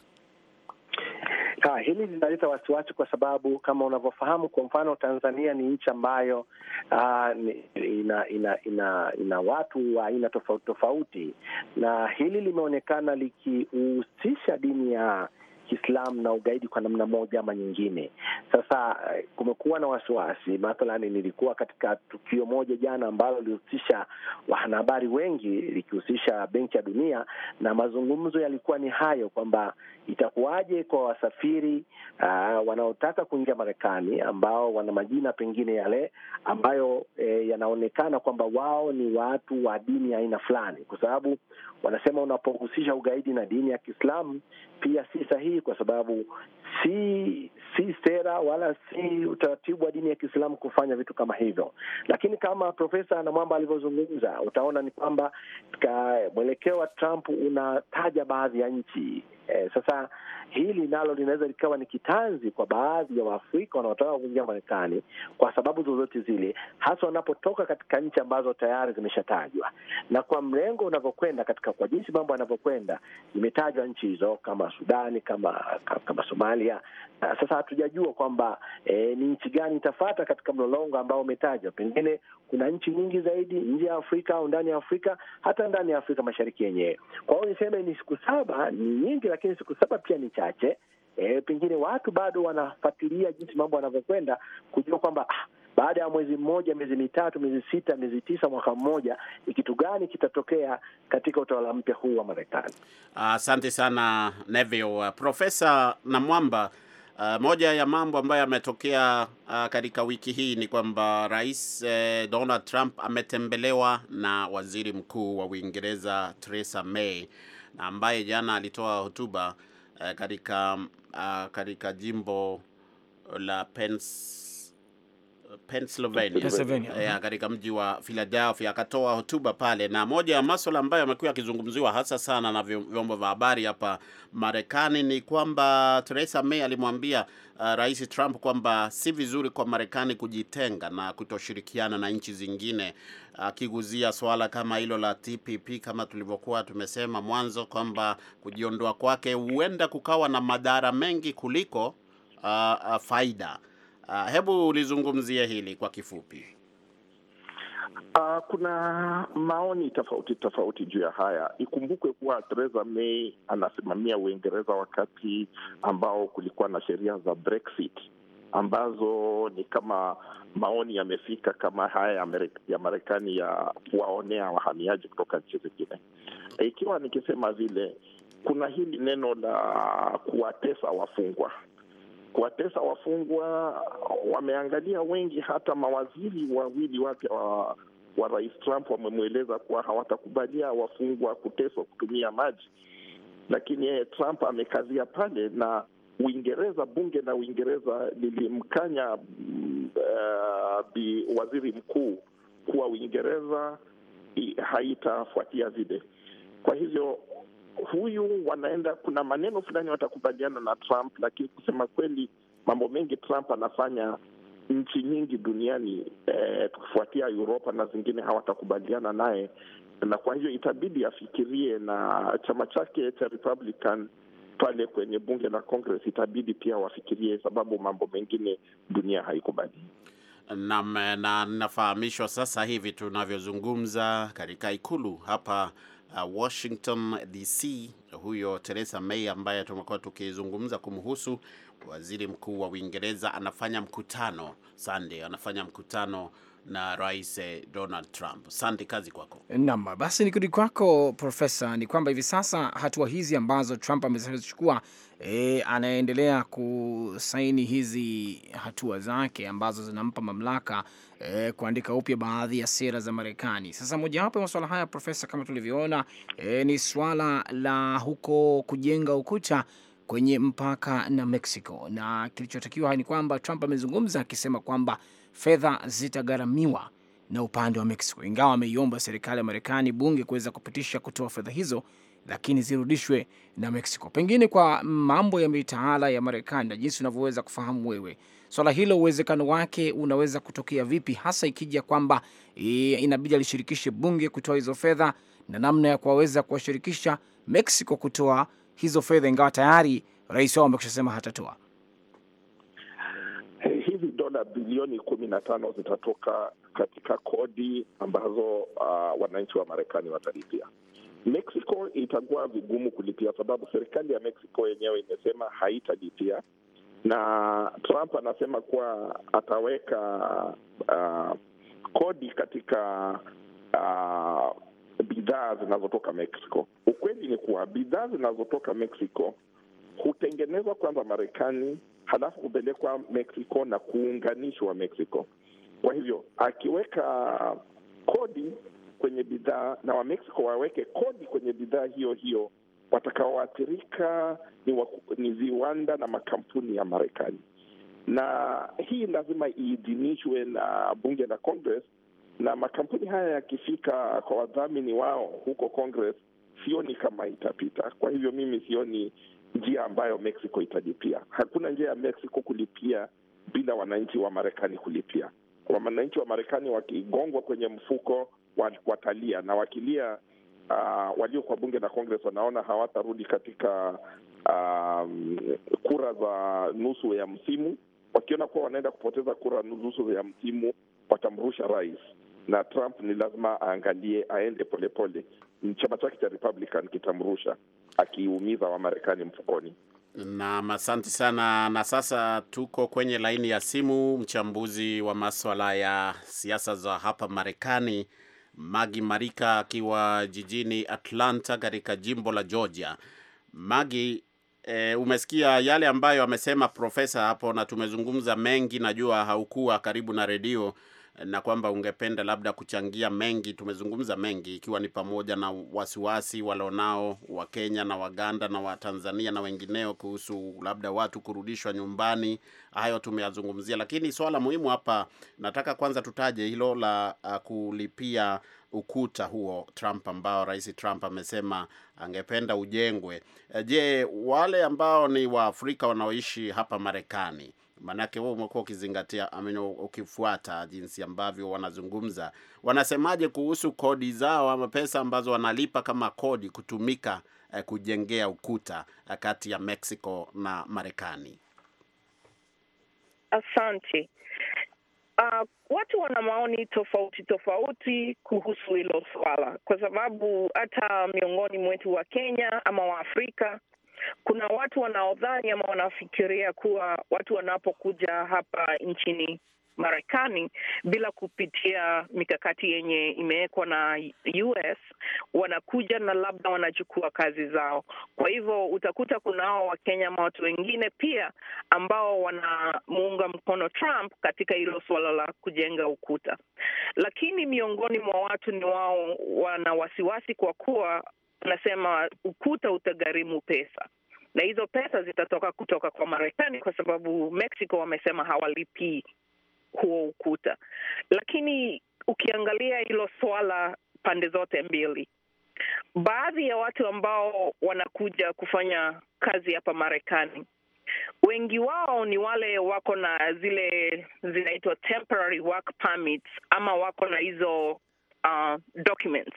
Speaker 5: Ha, hili linaleta wasiwasi kwa sababu kama unavyofahamu, kwa mfano Tanzania ni nchi ambayo aa, ina, ina ina ina watu wa aina tofauti tofauti, na hili limeonekana likihusisha dini ya Kiislamu na ugaidi kwa namna moja ama nyingine. Sasa eh, kumekuwa na wasiwasi, mathalani nilikuwa katika tukio moja jana ambalo lilihusisha wanahabari wengi, likihusisha Benki ya Dunia, na mazungumzo yalikuwa ni hayo kwamba itakuwaje kwa wasafiri uh, wanaotaka kuingia Marekani ambao wana majina pengine yale ambayo eh, yanaonekana kwamba wao ni watu wa dini ya aina fulani, kwa sababu wanasema unapohusisha ugaidi na dini ya Kiislamu pia si sahihi kwa sababu si si sera wala si utaratibu wa dini ya Kiislamu kufanya vitu kama hivyo. Lakini kama Profesa Namwamba alivyozungumza, utaona ni kwamba mwelekeo wa Trump unataja baadhi ya nchi eh. Sasa hili nalo linaweza likawa ni kitanzi kwa baadhi ya Waafrika wanaotaka kuingia Marekani kwa sababu zozote zile, hasa wanapotoka katika nchi ambazo tayari zimeshatajwa, na kwa mrengo unavyokwenda katika kwa jinsi mambo yanavyokwenda, zimetajwa nchi hizo kama Sudani, kama kama Somali Somalia. Na sasa hatujajua kwamba e, ni nchi gani itafata katika mlolongo ambao umetajwa. Pengine kuna nchi nyingi zaidi nje ya Afrika au ndani ya Afrika, hata ndani ya Afrika Mashariki yenyewe. Kwa hiyo niseme ni siku saba ni nyingi, lakini siku saba pia ni chache. E, pengine watu bado wanafuatilia jinsi mambo yanavyokwenda kujua kwamba ah, baada ya mwezi mmoja, miezi mitatu, miezi sita, miezi tisa, mwaka mmoja, ni kitu gani kitatokea katika utawala mpya huu wa Marekani?
Speaker 1: Asante uh, sana Uh, Profesa Namwamba, uh, moja ya mambo ambayo yametokea uh, katika wiki hii ni kwamba Rais uh, Donald Trump ametembelewa na Waziri Mkuu wa Uingereza Theresa May na ambaye jana alitoa hotuba uh, katika uh, katika jimbo la Pennsylvania, Pennsylvania. Yeah, uh-huh. katika mji wa Philadelphia akatoa hotuba pale, na moja ya masuala ambayo amekuwa yakizungumziwa hasa sana na vyombo vya habari hapa Marekani ni kwamba Theresa May alimwambia uh, Rais Trump kwamba si vizuri kwa Marekani kujitenga na kutoshirikiana na nchi zingine, akiguzia uh, swala kama hilo la TPP kama tulivyokuwa tumesema mwanzo kwamba kujiondoa kwake huenda kukawa na madhara mengi kuliko uh, uh, faida Uh, hebu ulizungumzia hili kwa kifupi.
Speaker 4: Uh, kuna maoni tofauti tofauti juu ya haya. Ikumbukwe kuwa Theresa May anasimamia Uingereza wakati ambao kulikuwa na sheria za Brexit ambazo ni kama maoni yamefika kama haya ya Marekani ya kuwaonea wahamiaji kutoka nchi zingine. Ikiwa nikisema vile, kuna hili neno la kuwatesa wafungwa kuwatesa wafungwa. Wameangalia wengi, hata mawaziri wawili wapya wa, wa rais Trump wamemweleza kuwa hawatakubalia wafungwa kuteswa kutumia maji, lakini yeye Trump amekazia pale na Uingereza, bunge la Uingereza lilimkanya uh, waziri mkuu kuwa Uingereza haitafuatia vile. Kwa hivyo huyu wanaenda, kuna maneno fulani watakubaliana na Trump, lakini kusema kweli mambo mengi Trump anafanya nchi nyingi duniani eh, tukifuatia Uropa na zingine hawatakubaliana naye, na kwa hiyo itabidi afikirie, na chama chake cha Republican pale kwenye bunge la Congress itabidi pia wafikirie, sababu mambo mengine dunia haikubali.
Speaker 1: Naam, na nafahamishwa sasa hivi tunavyozungumza katika ikulu hapa Uh, Washington DC, huyo Theresa May ambaye tumekuwa tukizungumza kumhusu. Waziri Mkuu wa Uingereza anafanya mkutano Sunday, anafanya mkutano na Rais eh, Donald Trump. Sante, kazi kwako.
Speaker 2: Naam, basi nikirudi kwako Profesa, ni kwamba hivi sasa hatua hizi ambazo Trump amezichukua, e, anaendelea kusaini hizi hatua zake ambazo zinampa mamlaka e, kuandika upya baadhi ya sera za Marekani. Sasa mojawapo ya masuala haya Profesa, kama tulivyoona e, ni swala la huko kujenga ukuta kwenye mpaka na Mexico, na kilichotakiwa ni kwamba Trump amezungumza akisema kwamba fedha zitagharamiwa na upande wa Mexico, ingawa wameiomba serikali ya Marekani bunge kuweza kupitisha kutoa fedha hizo, lakini zirudishwe na Mexico. Pengine kwa mambo ya mitaala ya Marekani na jinsi unavyoweza kufahamu wewe swala so hilo, uwezekano wake unaweza kutokea vipi, hasa ikija kwamba e, inabidi alishirikishe bunge kutoa hizo fedha na namna ya kuwaweza kuwashirikisha Mexico kutoa hizo fedha, ingawa tayari rais wao amekushasema hatatoa
Speaker 4: dola bilioni kumi na tano zitatoka katika kodi ambazo uh, wananchi wa Marekani watalipia. Mexico itakuwa vigumu kulipia, sababu serikali ya Mexico yenyewe imesema haitalipia, na Trump anasema kuwa ataweka uh, kodi katika uh, bidhaa zinazotoka Mexico. Ukweli ni kuwa bidhaa zinazotoka Mexico hutengenezwa kwanza Marekani halafu kupelekwa Mexico na kuunganishwa Mexico. Kwa hivyo akiweka kodi kwenye bidhaa na Wamexico waweke kodi kwenye bidhaa hiyo hiyo, watakaoathirika ni, ni viwanda na makampuni ya Marekani, na hii lazima iidhinishwe na bunge la Congress. Na makampuni haya yakifika kwa wadhamini wao huko Congress, sioni kama itapita. Kwa hivyo mimi sioni njia ambayo Mexico italipia. Hakuna njia ya Mexico kulipia bila wananchi wa Marekani kulipia. Wananchi wa Marekani wakigongwa kwenye mfuko watalia, na wakilia, uh, walio kwa bunge la Congress wanaona hawatarudi katika um, kura za nusu ya msimu. Wakiona kuwa wanaenda kupoteza kura nusu ya msimu, watamrusha rais na Trump ni lazima aangalie aende polepole. Chama chake cha Republican kitamrusha akiumiza Wamarekani mfukoni.
Speaker 1: Naam, asante sana. Na sasa tuko kwenye laini ya simu, mchambuzi wa maswala ya siasa za hapa Marekani, Magi Marika akiwa jijini Atlanta katika jimbo la Georgia. Magi, e, eh, umesikia yale ambayo amesema profesa hapo, na tumezungumza mengi, najua haukuwa karibu na redio na kwamba ungependa labda kuchangia mengi. Tumezungumza mengi, ikiwa ni pamoja na wasiwasi walionao Wakenya na Waganda na Watanzania na wengineo kuhusu labda watu kurudishwa nyumbani. Hayo tumeyazungumzia, lakini swala muhimu hapa nataka kwanza tutaje hilo la uh, kulipia ukuta huo Trump ambao Rais Trump amesema angependa ujengwe. Je, wale ambao ni Waafrika wanaoishi hapa Marekani Maanake wewe umekuwa ukizingatia amini, ukifuata jinsi ambavyo wanazungumza. Wanasemaje kuhusu kodi zao ama pesa ambazo wanalipa kama kodi kutumika eh, kujengea ukuta eh, kati ya Mexico na Marekani?
Speaker 6: Asante. Uh, watu wana maoni tofauti tofauti kuhusu hilo swala, kwa sababu hata miongoni mwetu wa Kenya ama wa Afrika kuna watu wanaodhani ama wanafikiria kuwa watu wanapokuja hapa nchini Marekani bila kupitia mikakati yenye imewekwa na US wanakuja na labda wanachukua kazi zao. Kwa hivyo utakuta kunao Wakenya ama watu wengine pia ambao wanamuunga mkono Trump katika hilo suala la kujenga ukuta, lakini miongoni mwa watu ni wao wana wasiwasi kwa kuwa tunasema ukuta utagharimu pesa, na hizo pesa zitatoka kutoka kwa Marekani kwa sababu Mexico wamesema hawalipii huo ukuta. Lakini ukiangalia hilo swala pande zote mbili, baadhi ya watu ambao wanakuja kufanya kazi hapa Marekani wengi wao ni wale wako na zile zinaitwa temporary work permits ama wako na hizo uh, documents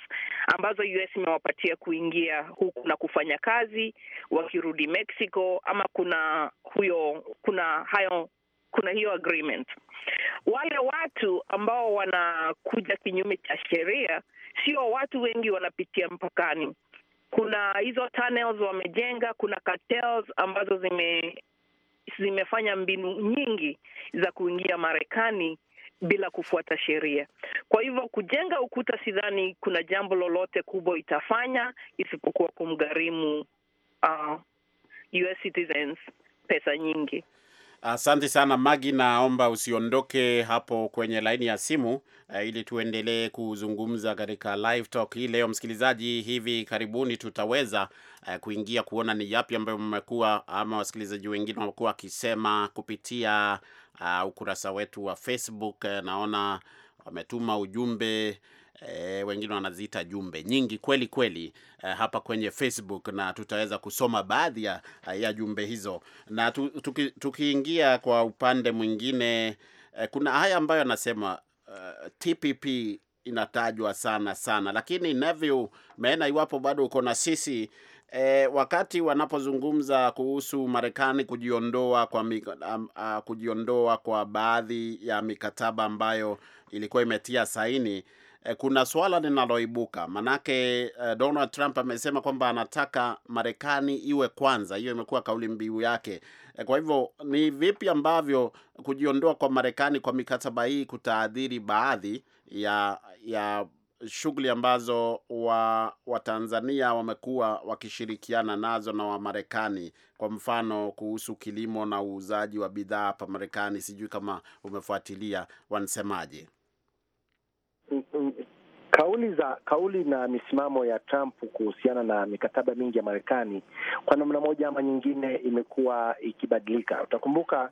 Speaker 6: ambazo US imewapatia kuingia huku na kufanya kazi wakirudi Mexico, ama kuna huyo kuna hayo kuna hiyo agreement. Wale watu ambao wanakuja kinyume cha sheria, sio watu wengi wanapitia mpakani. Kuna hizo tunnels wamejenga, kuna cartels ambazo zime zimefanya mbinu nyingi za kuingia Marekani bila kufuata sheria. Kwa hivyo kujenga ukuta, sidhani kuna jambo lolote kubwa itafanya isipokuwa kumgharimu uh, US citizens pesa nyingi.
Speaker 1: Asante sana Magi, naomba usiondoke hapo kwenye laini ya simu uh, ili tuendelee kuzungumza katika live talk hii leo. Msikilizaji, hivi karibuni tutaweza uh, kuingia kuona ni yapi ambayo mmekuwa ama wasikilizaji wengine wamekuwa wakisema kupitia uh, ukurasa wetu wa Facebook. Eh, naona wametuma ujumbe E, wengine wanaziita jumbe nyingi kweli kweli, e, hapa kwenye Facebook na tutaweza kusoma baadhi ya, ya jumbe hizo na tu, tuki, tukiingia kwa upande mwingine e, kuna haya ambayo anasema uh, TPP inatajwa sana sana, lakini Neville Meena, iwapo bado uko na sisi E, wakati wanapozungumza kuhusu Marekani kujiondoa kwa um, uh, kujiondoa kwa baadhi ya mikataba ambayo ilikuwa imetia saini e, kuna swala linaloibuka manake, uh, Donald Trump amesema kwamba anataka Marekani iwe kwanza. Hiyo imekuwa kauli mbiu yake. E, kwa hivyo ni vipi ambavyo kujiondoa kwa Marekani kwa mikataba hii kutaadhiri baadhi ya ya shughuli ambazo wa Watanzania wamekuwa wakishirikiana nazo na Wamarekani, kwa mfano kuhusu kilimo na uuzaji wa bidhaa hapa Marekani. Sijui kama umefuatilia, wanasemaje?
Speaker 5: Mm, mm, Kauli za kauli na misimamo ya Trump kuhusiana na mikataba mingi ya Marekani kwa namna moja ama nyingine imekuwa ikibadilika. Utakumbuka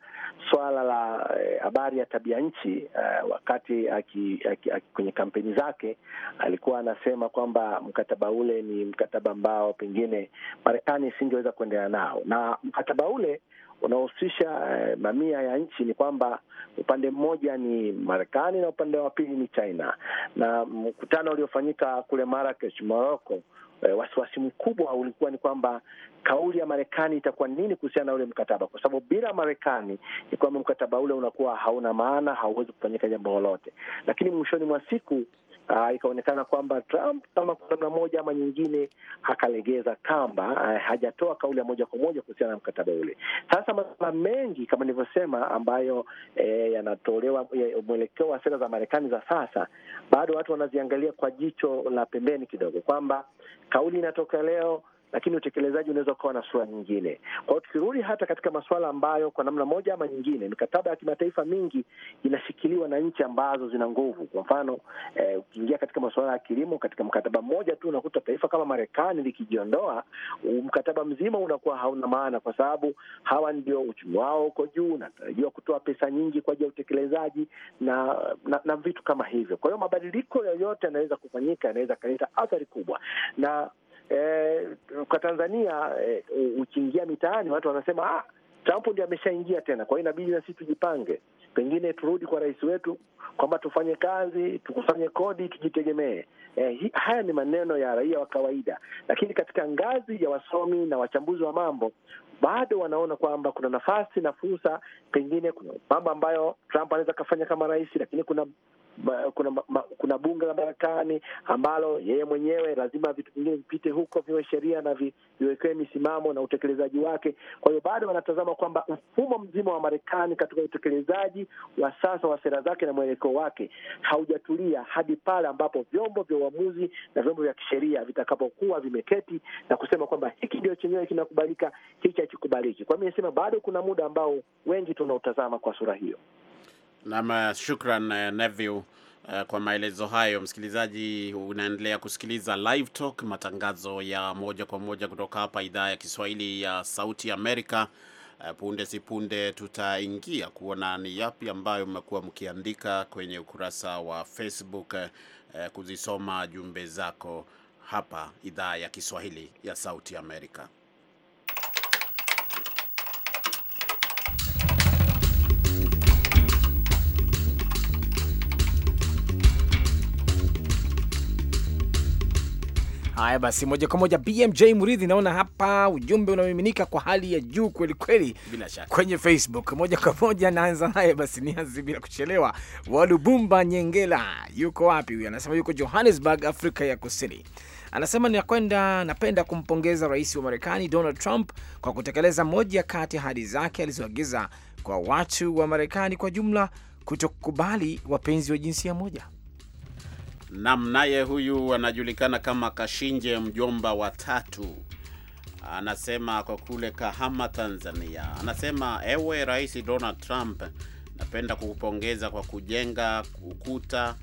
Speaker 5: swala la eh, habari ya tabia nchi eh, wakati aki, aki, aki, kwenye kampeni zake alikuwa anasema kwamba mkataba ule ni mkataba ambao pengine Marekani isingeweza kuendelea nao, na mkataba ule unaohusisha eh, mamia ya nchi ni kwamba upande mmoja ni Marekani na upande wa pili ni China, na mkutano uliofanyika kule Marakesh, Morocco eh, wasiwasi mkubwa ulikuwa ni kwamba kauli ya Marekani itakuwa nini kuhusiana na ule mkataba, kwa sababu bila Marekani ni kwamba mkataba ule unakuwa hauna maana, hauwezi kufanyika jambo lolote. Lakini mwishoni mwa siku uh, ikaonekana kwamba Trump kama kwa namna moja ama nyingine akalegeza kamba, uh, hajatoa kauli ya moja kwa moja kuhusiana na mkataba ule. Sasa masuala mengi kama nilivyosema, ambayo eh, yanatolewa eh, mwelekeo wa sera za Marekani za sasa, bado watu wanaziangalia kwa jicho la pembeni kidogo, kwamba kauli inatoka leo lakini utekelezaji unaweza ukawa na sura nyingine. Kwa hiyo tukirudi hata katika masuala ambayo kwa namna moja ama nyingine mikataba ya kimataifa mingi inashikiliwa na nchi ambazo zina nguvu. Kwa mfano eh, ukiingia katika masuala ya kilimo, katika mkataba mmoja tu unakuta taifa kama Marekani likijiondoa, mkataba mzima unakuwa hauna maana, kwa sababu hawa ndio uchumi wao uko juu, unatarajiwa kutoa pesa nyingi kwa ajili ya utekelezaji na, na na vitu kama hivyo. Kwa hiyo mabadiliko yoyote yanaweza kufanyika, yanaweza kaleta athari kubwa na eh, kwa Tanzania eh, ukiingia mitaani watu wanasema ah, Trump ndio ameshaingia tena. Kwa hiyo inabidi na sisi tujipange, pengine turudi kwa rais wetu kwamba tufanye kazi, tukusanye kodi, tujitegemee. Eh, haya ni maneno ya raia wa kawaida, lakini katika ngazi ya wasomi na wachambuzi wa mambo bado wanaona kwamba kuna nafasi na fursa, pengine kuna mambo ambayo Trump anaweza akafanya kama rais, lakini kuna kuna, ma, kuna bunge la Marekani ambalo yeye mwenyewe lazima vitu vingine vipite huko viwe sheria na vi, viwekewe misimamo na utekelezaji wake. Kwa hiyo bado wanatazama kwamba mfumo mzima wa Marekani katika utekelezaji wa sasa wa sera zake na mwelekeo wake haujatulia hadi pale ambapo vyombo vya uamuzi na vyombo vya kisheria vitakapokuwa vimeketi na kusema kwamba hiki ndio chenyewe kinakubalika, hichi hakikubaliki. Kwa mimi nasema bado kuna muda ambao wengi tunautazama kwa sura hiyo.
Speaker 1: Nam, shukran uh, kwa maelezo hayo. Msikilizaji, unaendelea kusikiliza Live Talk, matangazo ya moja kwa moja kutoka hapa idhaa ya Kiswahili ya Sauti Amerika. Eh, punde si punde tutaingia kuona ni yapi ambayo mmekuwa mkiandika kwenye ukurasa wa Facebook, kuzisoma jumbe zako hapa idhaa ya Kiswahili ya Sauti Amerika.
Speaker 2: Haya basi, moja kwa moja BMJ Muridhi, naona hapa ujumbe unamiminika kwa hali ya juu kweli kweli, bila shaka kwenye Facebook. Moja kwa moja naanza naye basi, nianze bila kuchelewa. Walubumba Nyengela yuko wapi huyu? Anasema yuko Johannesburg, Afrika ya Kusini. Anasema ninakwenda, napenda kumpongeza rais wa Marekani Donald Trump kwa kutekeleza moja kati ya ahadi zake alizoagiza kwa watu wa Marekani kwa jumla, kutokubali wapenzi wa jinsia moja.
Speaker 1: Nam naye huyu anajulikana kama Kashinje mjomba wa tatu, anasema kwa kule Kahama, Tanzania. Anasema ewe Rais Donald Trump, napenda kukupongeza kwa kujenga ukuta.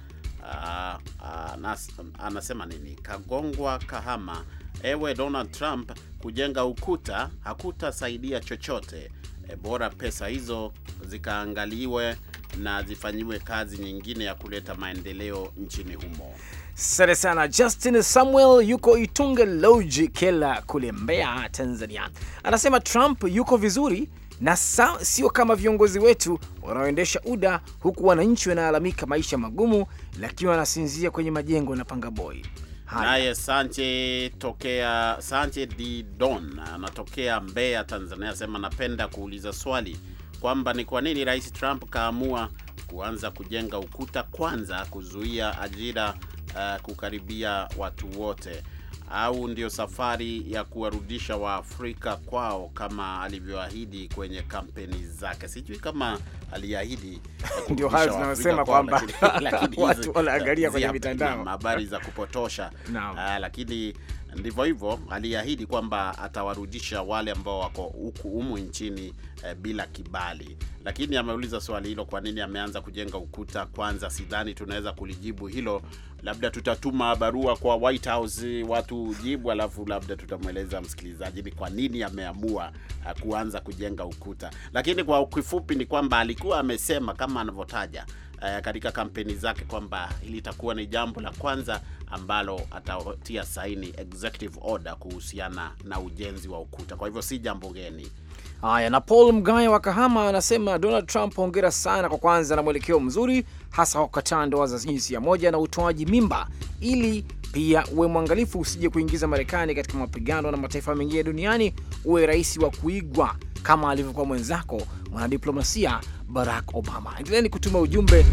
Speaker 1: Ah, ah, anasema nini? Kagongwa, Kahama. Ewe Donald Trump, kujenga ukuta hakutasaidia chochote e, bora pesa hizo zikaangaliwe na zifanyiwe kazi nyingine ya kuleta maendeleo nchini humo.
Speaker 2: sante sana Justin Samuel yuko Itunge Loji Kela kule Mbeya, Tanzania, anasema Trump yuko vizuri na sio kama viongozi wetu wanaoendesha UDA, huku wananchi wanalalamika maisha magumu, lakini wanasinzia kwenye majengo na pangaboi.
Speaker 1: Naye Sanche tokea Sanche Don anatokea Mbeya, Tanzania, asema napenda kuuliza swali kwamba ni kwa nini Rais Trump kaamua kuanza kujenga ukuta kwanza kuzuia ajira uh, kukaribia watu wote au ndio safari ya kuwarudisha Waafrika kwao kama alivyoahidi kwenye kampeni zake. Sijui kama aliahidi, [laughs] ndio hayo tunasema kwamba [laughs] watu wanaangalia kwenye mitandao habari za kupotosha, ah, lakini Ndivyo hivyo, aliahidi kwamba atawarudisha wale ambao wako huku humu nchini eh, bila kibali. Lakini ameuliza swali hilo, kwa nini ameanza kujenga ukuta kwanza? Sidhani tunaweza kulijibu hilo, labda tutatuma barua kwa White House watu jibu, alafu labda tutamweleza msikilizaji ni kwa nini ameamua eh, kuanza kujenga ukuta. Lakini kwa kifupi ni kwamba alikuwa amesema kama anavyotaja uh, katika kampeni zake kwamba hili itakuwa ni jambo la kwanza ambalo atatia saini executive order kuhusiana na ujenzi wa ukuta. Kwa hivyo si jambo geni.
Speaker 2: Haya, na Paul Mgaya wa Kahama anasema Donald Trump, hongera sana kwa kwanza na mwelekeo mzuri, hasa kwa kukataa ndoa za ya moja na utoaji mimba, ili pia uwe mwangalifu usije kuingiza Marekani katika mapigano na mataifa mengine duniani, uwe rais wa kuigwa kama alivyokuwa mwenzako mwanadiplomasia
Speaker 1: Barack Obama. Endeleeni kutuma ujumbe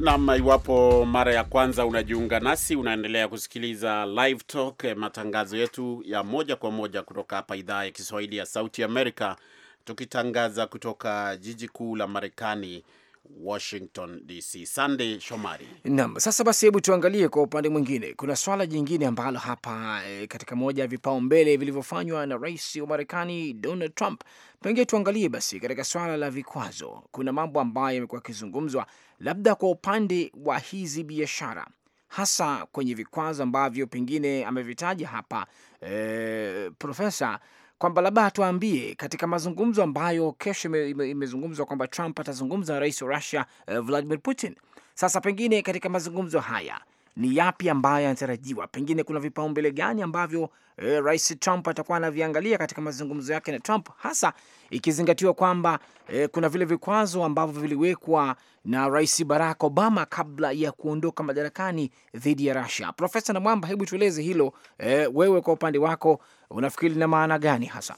Speaker 1: Nam, iwapo mara ya kwanza unajiunga nasi, unaendelea kusikiliza Live Talk, eh, matangazo yetu ya moja kwa moja kutoka hapa idhaa ya Kiswahili ya Sauti Amerika, tukitangaza kutoka jiji kuu la Marekani, Washington DC. sandey Shomari. Naam,
Speaker 2: sasa basi, hebu tuangalie kwa upande mwingine. Kuna swala jingine ambalo hapa e, katika moja ya vipaumbele vilivyofanywa na rais wa Marekani Donald Trump, pengine tuangalie basi katika swala la vikwazo. Kuna mambo ambayo yamekuwa yakizungumzwa, labda kwa upande wa hizi biashara, hasa kwenye vikwazo ambavyo pengine amevitaja hapa e, profesa kwamba labda hatuambie katika mazungumzo ambayo kesho imezungumzwa kwamba Trump atazungumza na rais wa Russia uh, Vladimir Putin. Sasa pengine katika mazungumzo haya ni yapi ambayo yanatarajiwa, pengine kuna vipaumbele gani ambavyo eh, Rais Trump atakuwa anaviangalia katika mazungumzo yake na Trump, hasa ikizingatiwa kwamba eh, kuna vile vikwazo ambavyo viliwekwa na Rais Barack Obama kabla ya kuondoka madarakani dhidi ya Russia. Profesa Namwamba, hebu tueleze hilo, eh, wewe kwa upande wako unafikiri na maana gani hasa?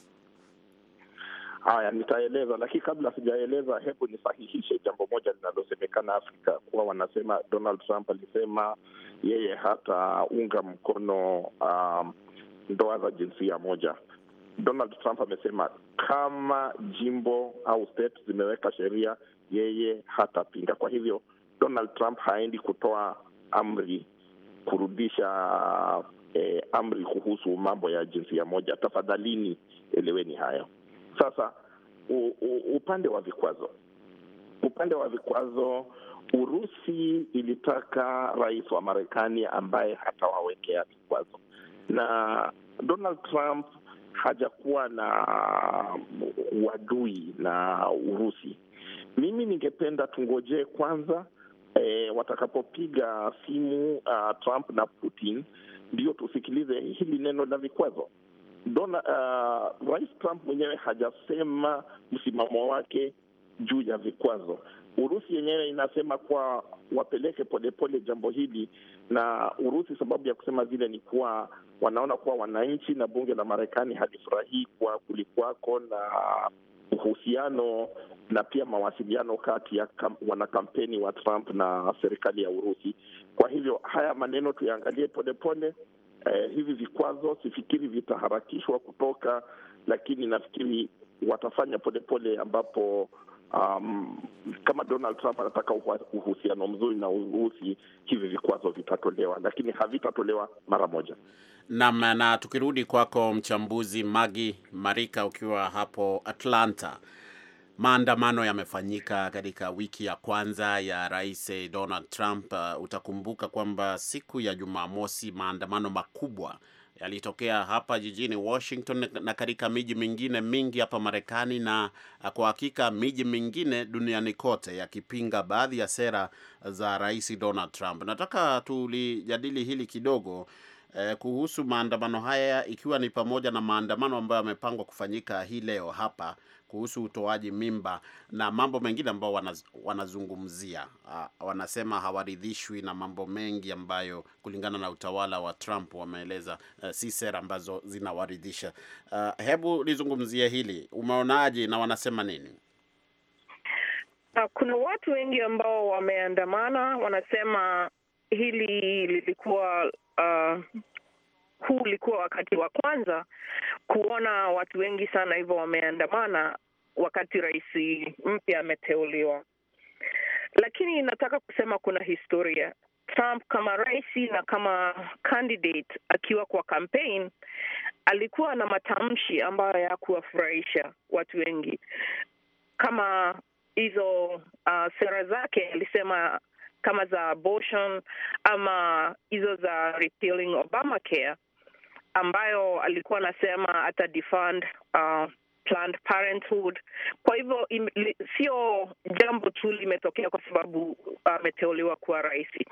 Speaker 4: Haya, nitaeleza lakini kabla sijaeleza, hebu nisahihishe jambo moja linalosemekana Afrika kuwa wanasema Donald Trump alisema yeye hataunga mkono um, ndoa za jinsia moja. Donald Trump amesema kama jimbo au state zimeweka sheria, yeye hatapinga. Kwa hivyo Donald Trump haendi kutoa amri kurudisha eh, amri kuhusu mambo ya jinsia moja. Tafadhalini eleweni hayo. Sasa u, u, upande wa vikwazo, upande wa vikwazo, Urusi ilitaka rais wa Marekani ambaye hatawawekea vikwazo na Donald Trump hajakuwa na uadui na Urusi. Mimi ningependa tungojee kwanza, e, watakapopiga simu uh, Trump na Putin ndio tusikilize hili neno la vikwazo. Dona, uh, Rais Trump mwenyewe hajasema msimamo wake juu ya vikwazo. Urusi yenyewe inasema kuwa wapeleke polepole jambo hili, na Urusi sababu ya kusema vile ni kuwa wanaona kuwa wananchi na bunge la Marekani halifurahii kwa kulikuwako na uhusiano na pia mawasiliano kati ya kam, wanakampeni wa Trump na serikali ya Urusi. Kwa hivyo haya maneno tuyaangalie polepole. Eh, hivi vikwazo sifikiri vitaharakishwa kutoka, lakini nafikiri watafanya polepole pole ambapo Um, kama Donald Trump anataka uhusiano mzuri na Urusi, hivi vikwazo vitatolewa, lakini havitatolewa
Speaker 1: mara moja. Naam, na tukirudi kwako mchambuzi Magi Marika, ukiwa hapo Atlanta, maandamano yamefanyika katika wiki ya kwanza ya Rais Donald Trump. Uh, utakumbuka kwamba siku ya Jumamosi maandamano makubwa yalitokea hapa jijini Washington na katika miji mingine mingi hapa Marekani na ah, kwa hakika miji mingine duniani kote, yakipinga baadhi ya sera za Rais Donald Trump. Nataka tulijadili hili kidogo eh, kuhusu maandamano haya, ikiwa ni pamoja na maandamano ambayo yamepangwa kufanyika hii leo hapa kuhusu utoaji mimba na mambo mengine ambao wanaz, wanazungumzia uh, wanasema hawaridhishwi na mambo mengi ambayo kulingana na utawala wa Trump wameeleza uh, si sera ambazo zinawaridhisha. Uh, hebu lizungumzie hili, umeonaje na wanasema nini?
Speaker 6: Ah, kuna watu wengi ambao wameandamana, wanasema hili lilikuwa uh, huu ulikuwa wakati wa kwanza kuona watu wengi sana hivyo wameandamana wakati rais mpya ameteuliwa. Lakini nataka kusema kuna historia. Trump kama rais na kama candidate akiwa kwa campaign alikuwa na matamshi ambayo ya kuwafurahisha watu wengi, kama hizo uh, sera zake. Alisema kama za abortion ama hizo za repealing Obamacare ambayo alikuwa anasema ata defund uh, Planned Parenthood. Kwa hivyo sio jambo tu limetokea kwa sababu ameteuliwa uh, kuwa rahisi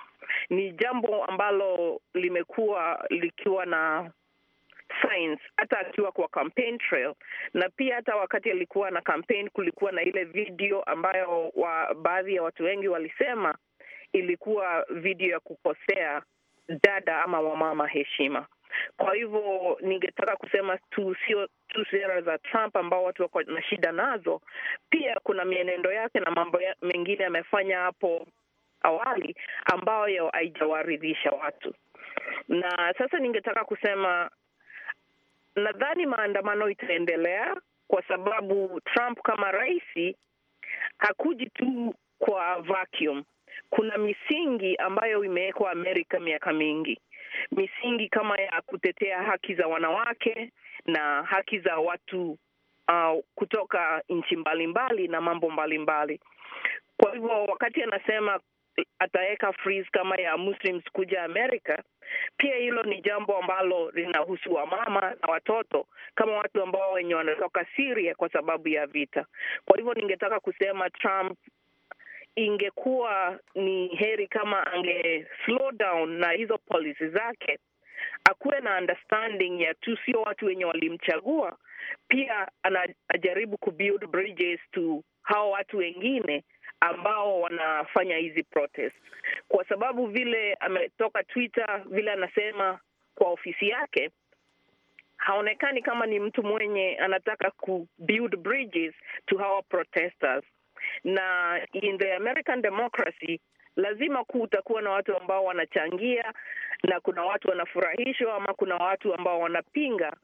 Speaker 6: Ni jambo ambalo limekuwa likiwa na science hata akiwa kwa campaign trail, na pia hata wakati alikuwa na campaign, kulikuwa na ile video ambayo wa baadhi ya watu wengi walisema ilikuwa video ya kukosea dada ama wamama heshima. Kwa hivyo ningetaka kusema tu sio tu sera za Trump ambao watu wako na shida nazo, pia kuna mienendo yake na mambo ya, mengine yamefanya hapo awali ambayo haijawaridhisha watu. Na sasa ningetaka kusema nadhani maandamano itaendelea kwa sababu Trump kama rais hakuji tu kwa vacuum kuna misingi ambayo imewekwa Amerika miaka mingi, misingi kama ya kutetea haki za wanawake na haki za watu uh, kutoka nchi mbalimbali na mambo mbalimbali mbali. Kwa hivyo wakati anasema ataweka freeze kama ya Muslims kuja Amerika, pia hilo ni jambo ambalo linahusu wamama na watoto kama watu ambao wenye wanatoka Syria kwa sababu ya vita. Kwa hivyo ningetaka kusema Trump ingekuwa ni heri kama ange slow down na hizo policy zake, akuwe na understanding ya tu sio watu wenye walimchagua, pia anajaribu kubuild bridges to hao watu wengine ambao wanafanya hizi protest, kwa sababu vile ametoka Twitter, vile anasema kwa ofisi yake haonekani kama ni mtu mwenye anataka kubuild bridges to hawa protesters na in the American democracy lazima kutakuwa na watu ambao wanachangia na kuna watu wanafurahishwa ama kuna watu ambao wanapinga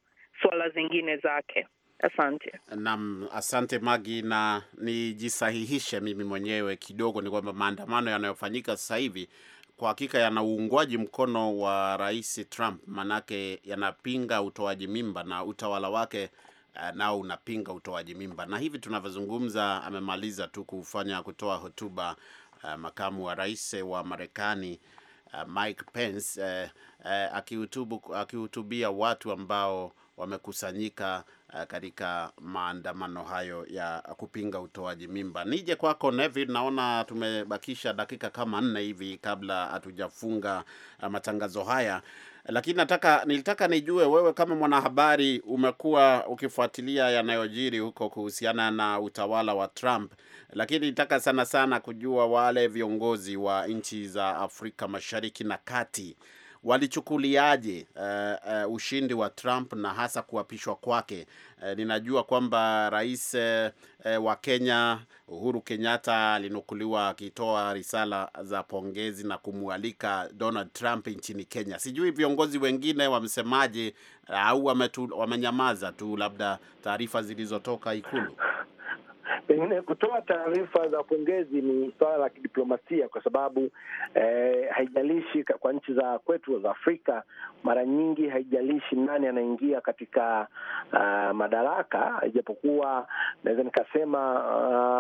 Speaker 6: swala zingine zake.
Speaker 1: Asante nam, asante Magi, na nijisahihishe mimi mwenyewe kidogo, ni kwamba maandamano yanayofanyika sasa hivi kwa hakika yana uungwaji mkono wa Rais Trump, manake yanapinga utoaji mimba na utawala wake Eh, nao unapinga utoaji mimba, na hivi tunavyozungumza amemaliza tu kufanya kutoa hotuba uh, makamu wa rais wa Marekani uh, Mike Pence uh, uh, akihutubu, akihutubia watu ambao wamekusanyika uh, katika maandamano hayo ya kupinga utoaji mimba. Nije kwako Neville, naona tumebakisha dakika kama nne hivi kabla hatujafunga uh, matangazo haya lakini nataka nilitaka nijue wewe kama mwanahabari umekuwa ukifuatilia yanayojiri huko kuhusiana na utawala wa Trump, lakini nitaka sana sana kujua wale viongozi wa nchi za Afrika Mashariki na Kati walichukuliaje uh, uh, ushindi wa Trump na hasa kuapishwa kwake? Uh, ninajua kwamba rais uh, wa Kenya Uhuru Kenyatta alinukuliwa akitoa risala za pongezi na kumwalika Donald Trump nchini Kenya. Sijui viongozi wengine wamsemaje au uh, wamenyamaza tu, labda taarifa zilizotoka Ikulu
Speaker 5: Pengine kutoa taarifa za pongezi ni swala la kidiplomasia, kwa sababu eh, haijalishi kwa nchi za kwetu za Afrika, mara nyingi haijalishi nani anaingia katika uh, madaraka, ijapokuwa naweza nikasema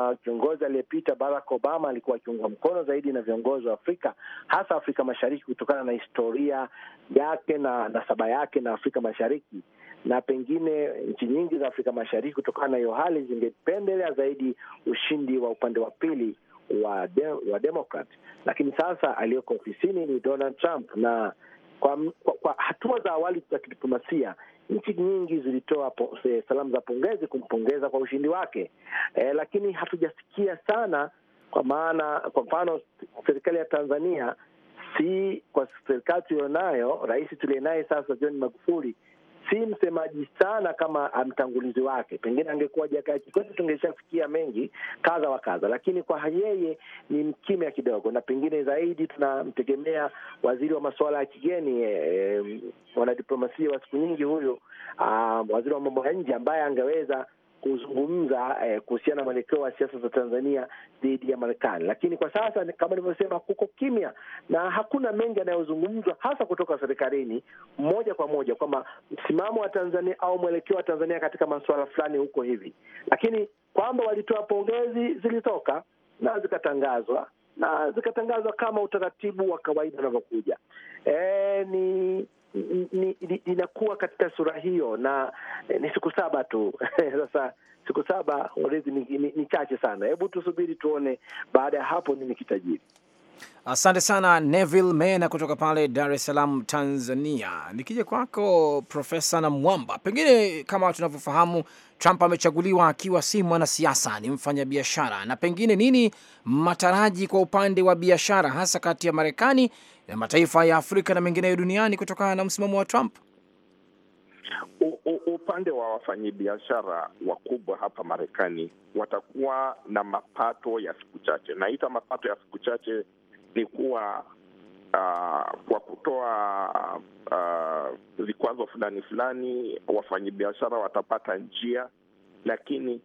Speaker 5: uh, kiongozi aliyepita Barack Obama alikuwa akiunga mkono zaidi na viongozi wa Afrika, hasa Afrika Mashariki, kutokana na historia yake na nasaba yake na Afrika Mashariki na pengine nchi nyingi za Afrika Mashariki kutokana na hiyo hali zingependelea zaidi ushindi wa upande wa pili wa de, wa Demokrat, lakini sasa aliyoko ofisini ni Donald Trump na kwa, kwa, kwa hatua za awali za kidiplomasia nchi nyingi zilitoa eh, salamu za pongezi kumpongeza kwa ushindi wake e, lakini hatujasikia sana. Kwa maana kwa mfano serikali ya Tanzania si kwa serikali tuliyonayo, rais tuliyenaye sasa John Magufuli si msemaji sana kama mtangulizi wake. Pengine angekuwa Jakaya Kikwete tungeshafikia mengi kadha wa kadha, lakini kwa yeye ni mkimya kidogo, na pengine zaidi tunamtegemea waziri wa masuala ya kigeni eh, eh, mwanadiplomasia e, wa siku nyingi huyu, ah, waziri wa mambo ya nje ambaye angeweza kuzungumza eh, kuhusiana na mwelekeo wa siasa za Tanzania dhidi ya Marekani, lakini kwa sasa kama nilivyosema, kuko kimya na hakuna mengi yanayozungumzwa hasa kutoka serikalini moja kwa moja kwamba msimamo wa Tanzania au mwelekeo wa Tanzania katika masuala fulani huko hivi, lakini kwamba walitoa pongezi zilitoka na zikatangazwa na zikatangazwa kama utaratibu wa kawaida unavyokuja. E, ni linakuwa katika sura hiyo, na eh, ni siku saba tu [laughs] sasa siku saba orezi ni, ni, ni chache sana. Hebu tusubiri tuone baada ya hapo nini kitajiri.
Speaker 2: Asante sana Neville Mena kutoka pale Dar es Salaam, Tanzania. Nikija kwako Profesa Namwamba, pengine kama tunavyofahamu, Trump amechaguliwa akiwa si mwanasiasa, ni mfanyabiashara, na pengine nini mataraji kwa upande wa biashara, hasa kati ya Marekani na mataifa ya Afrika na mengineyo duniani kutokana na msimamo wa Trump?
Speaker 4: Upande wa wafanyabiashara wakubwa hapa Marekani watakuwa na mapato ya siku chache. Naita mapato ya siku chache ni kuwa uh, kwa kutoa uh, vikwazo fulani fulani, wafanyabiashara watapata njia, lakini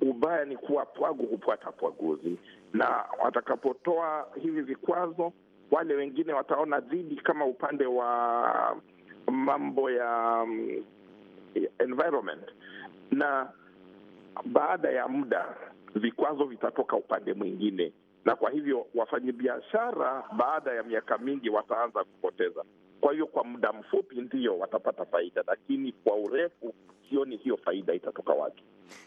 Speaker 4: ubaya ni kuwa pwagu hupata pwaguzi, na watakapotoa hivi vikwazo wale wengine wataona dhidi, kama upande wa mambo um, ya environment, na baada ya muda vikwazo vitatoka upande mwingine, na kwa hivyo wafanyabiashara baada ya miaka mingi wataanza kupoteza. Kwa hiyo kwa muda mfupi ndio watapata faida, lakini kwa urefu sioni hiyo faida itatoka wake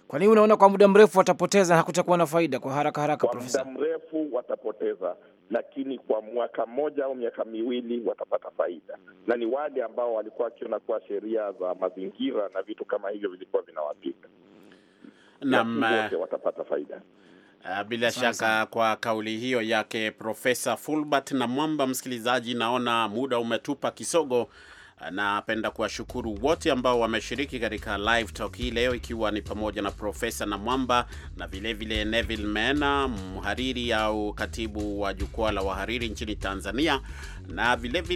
Speaker 2: kwa nini unaona kwa muda mrefu watapoteza na hakutakuwa na faida kwa haraka haraka, Profesa? Kwa
Speaker 4: muda mrefu watapoteza, lakini kwa mwaka mmoja au miaka miwili watapata faida, na ni wale ambao walikuwa wakiona kuwa sheria za mazingira na vitu kama hivyo vilikuwa vinawapinga
Speaker 1: nam eh,
Speaker 4: watapata faida.
Speaker 1: Eh, bila Sanza shaka kwa kauli hiyo yake Profesa Fulbert na Mwamba. Msikilizaji, naona muda umetupa kisogo. Napenda kuwashukuru wote ambao wameshiriki katika live talk hii leo, ikiwa ni pamoja na Profesa Namwamba na vilevile vile Neville Mena, mhariri au katibu wa jukwaa la wahariri nchini Tanzania, na vilevile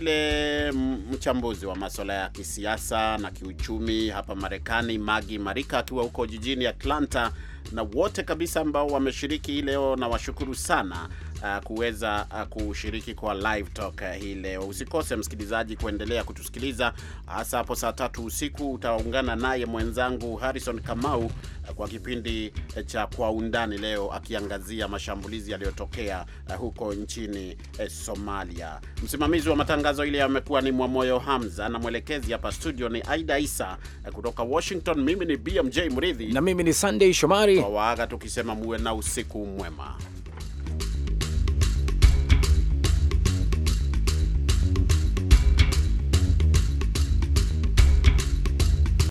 Speaker 1: vile mchambuzi wa masuala ya kisiasa na kiuchumi hapa Marekani, Magi Marika akiwa huko jijini Atlanta na wote kabisa ambao wameshiriki leo, na washukuru sana uh, kuweza uh, kushiriki kwa live talk uh, hii leo. Usikose msikilizaji, kuendelea kutusikiliza hasa hapo saa tatu usiku utaungana naye mwenzangu Harrison Kamau uh, kwa kipindi uh, cha Kwa Undani leo akiangazia mashambulizi yaliyotokea uh, huko nchini Somalia. Msimamizi wa matangazo ile amekuwa ni Mwamoyo Hamza na mwelekezi hapa studio ni Aida Isa kutoka Washington. Mimi ni BMJ Mridhi na mimi ni Sunday Shomari kwa tukisema muwe na usiku mwema.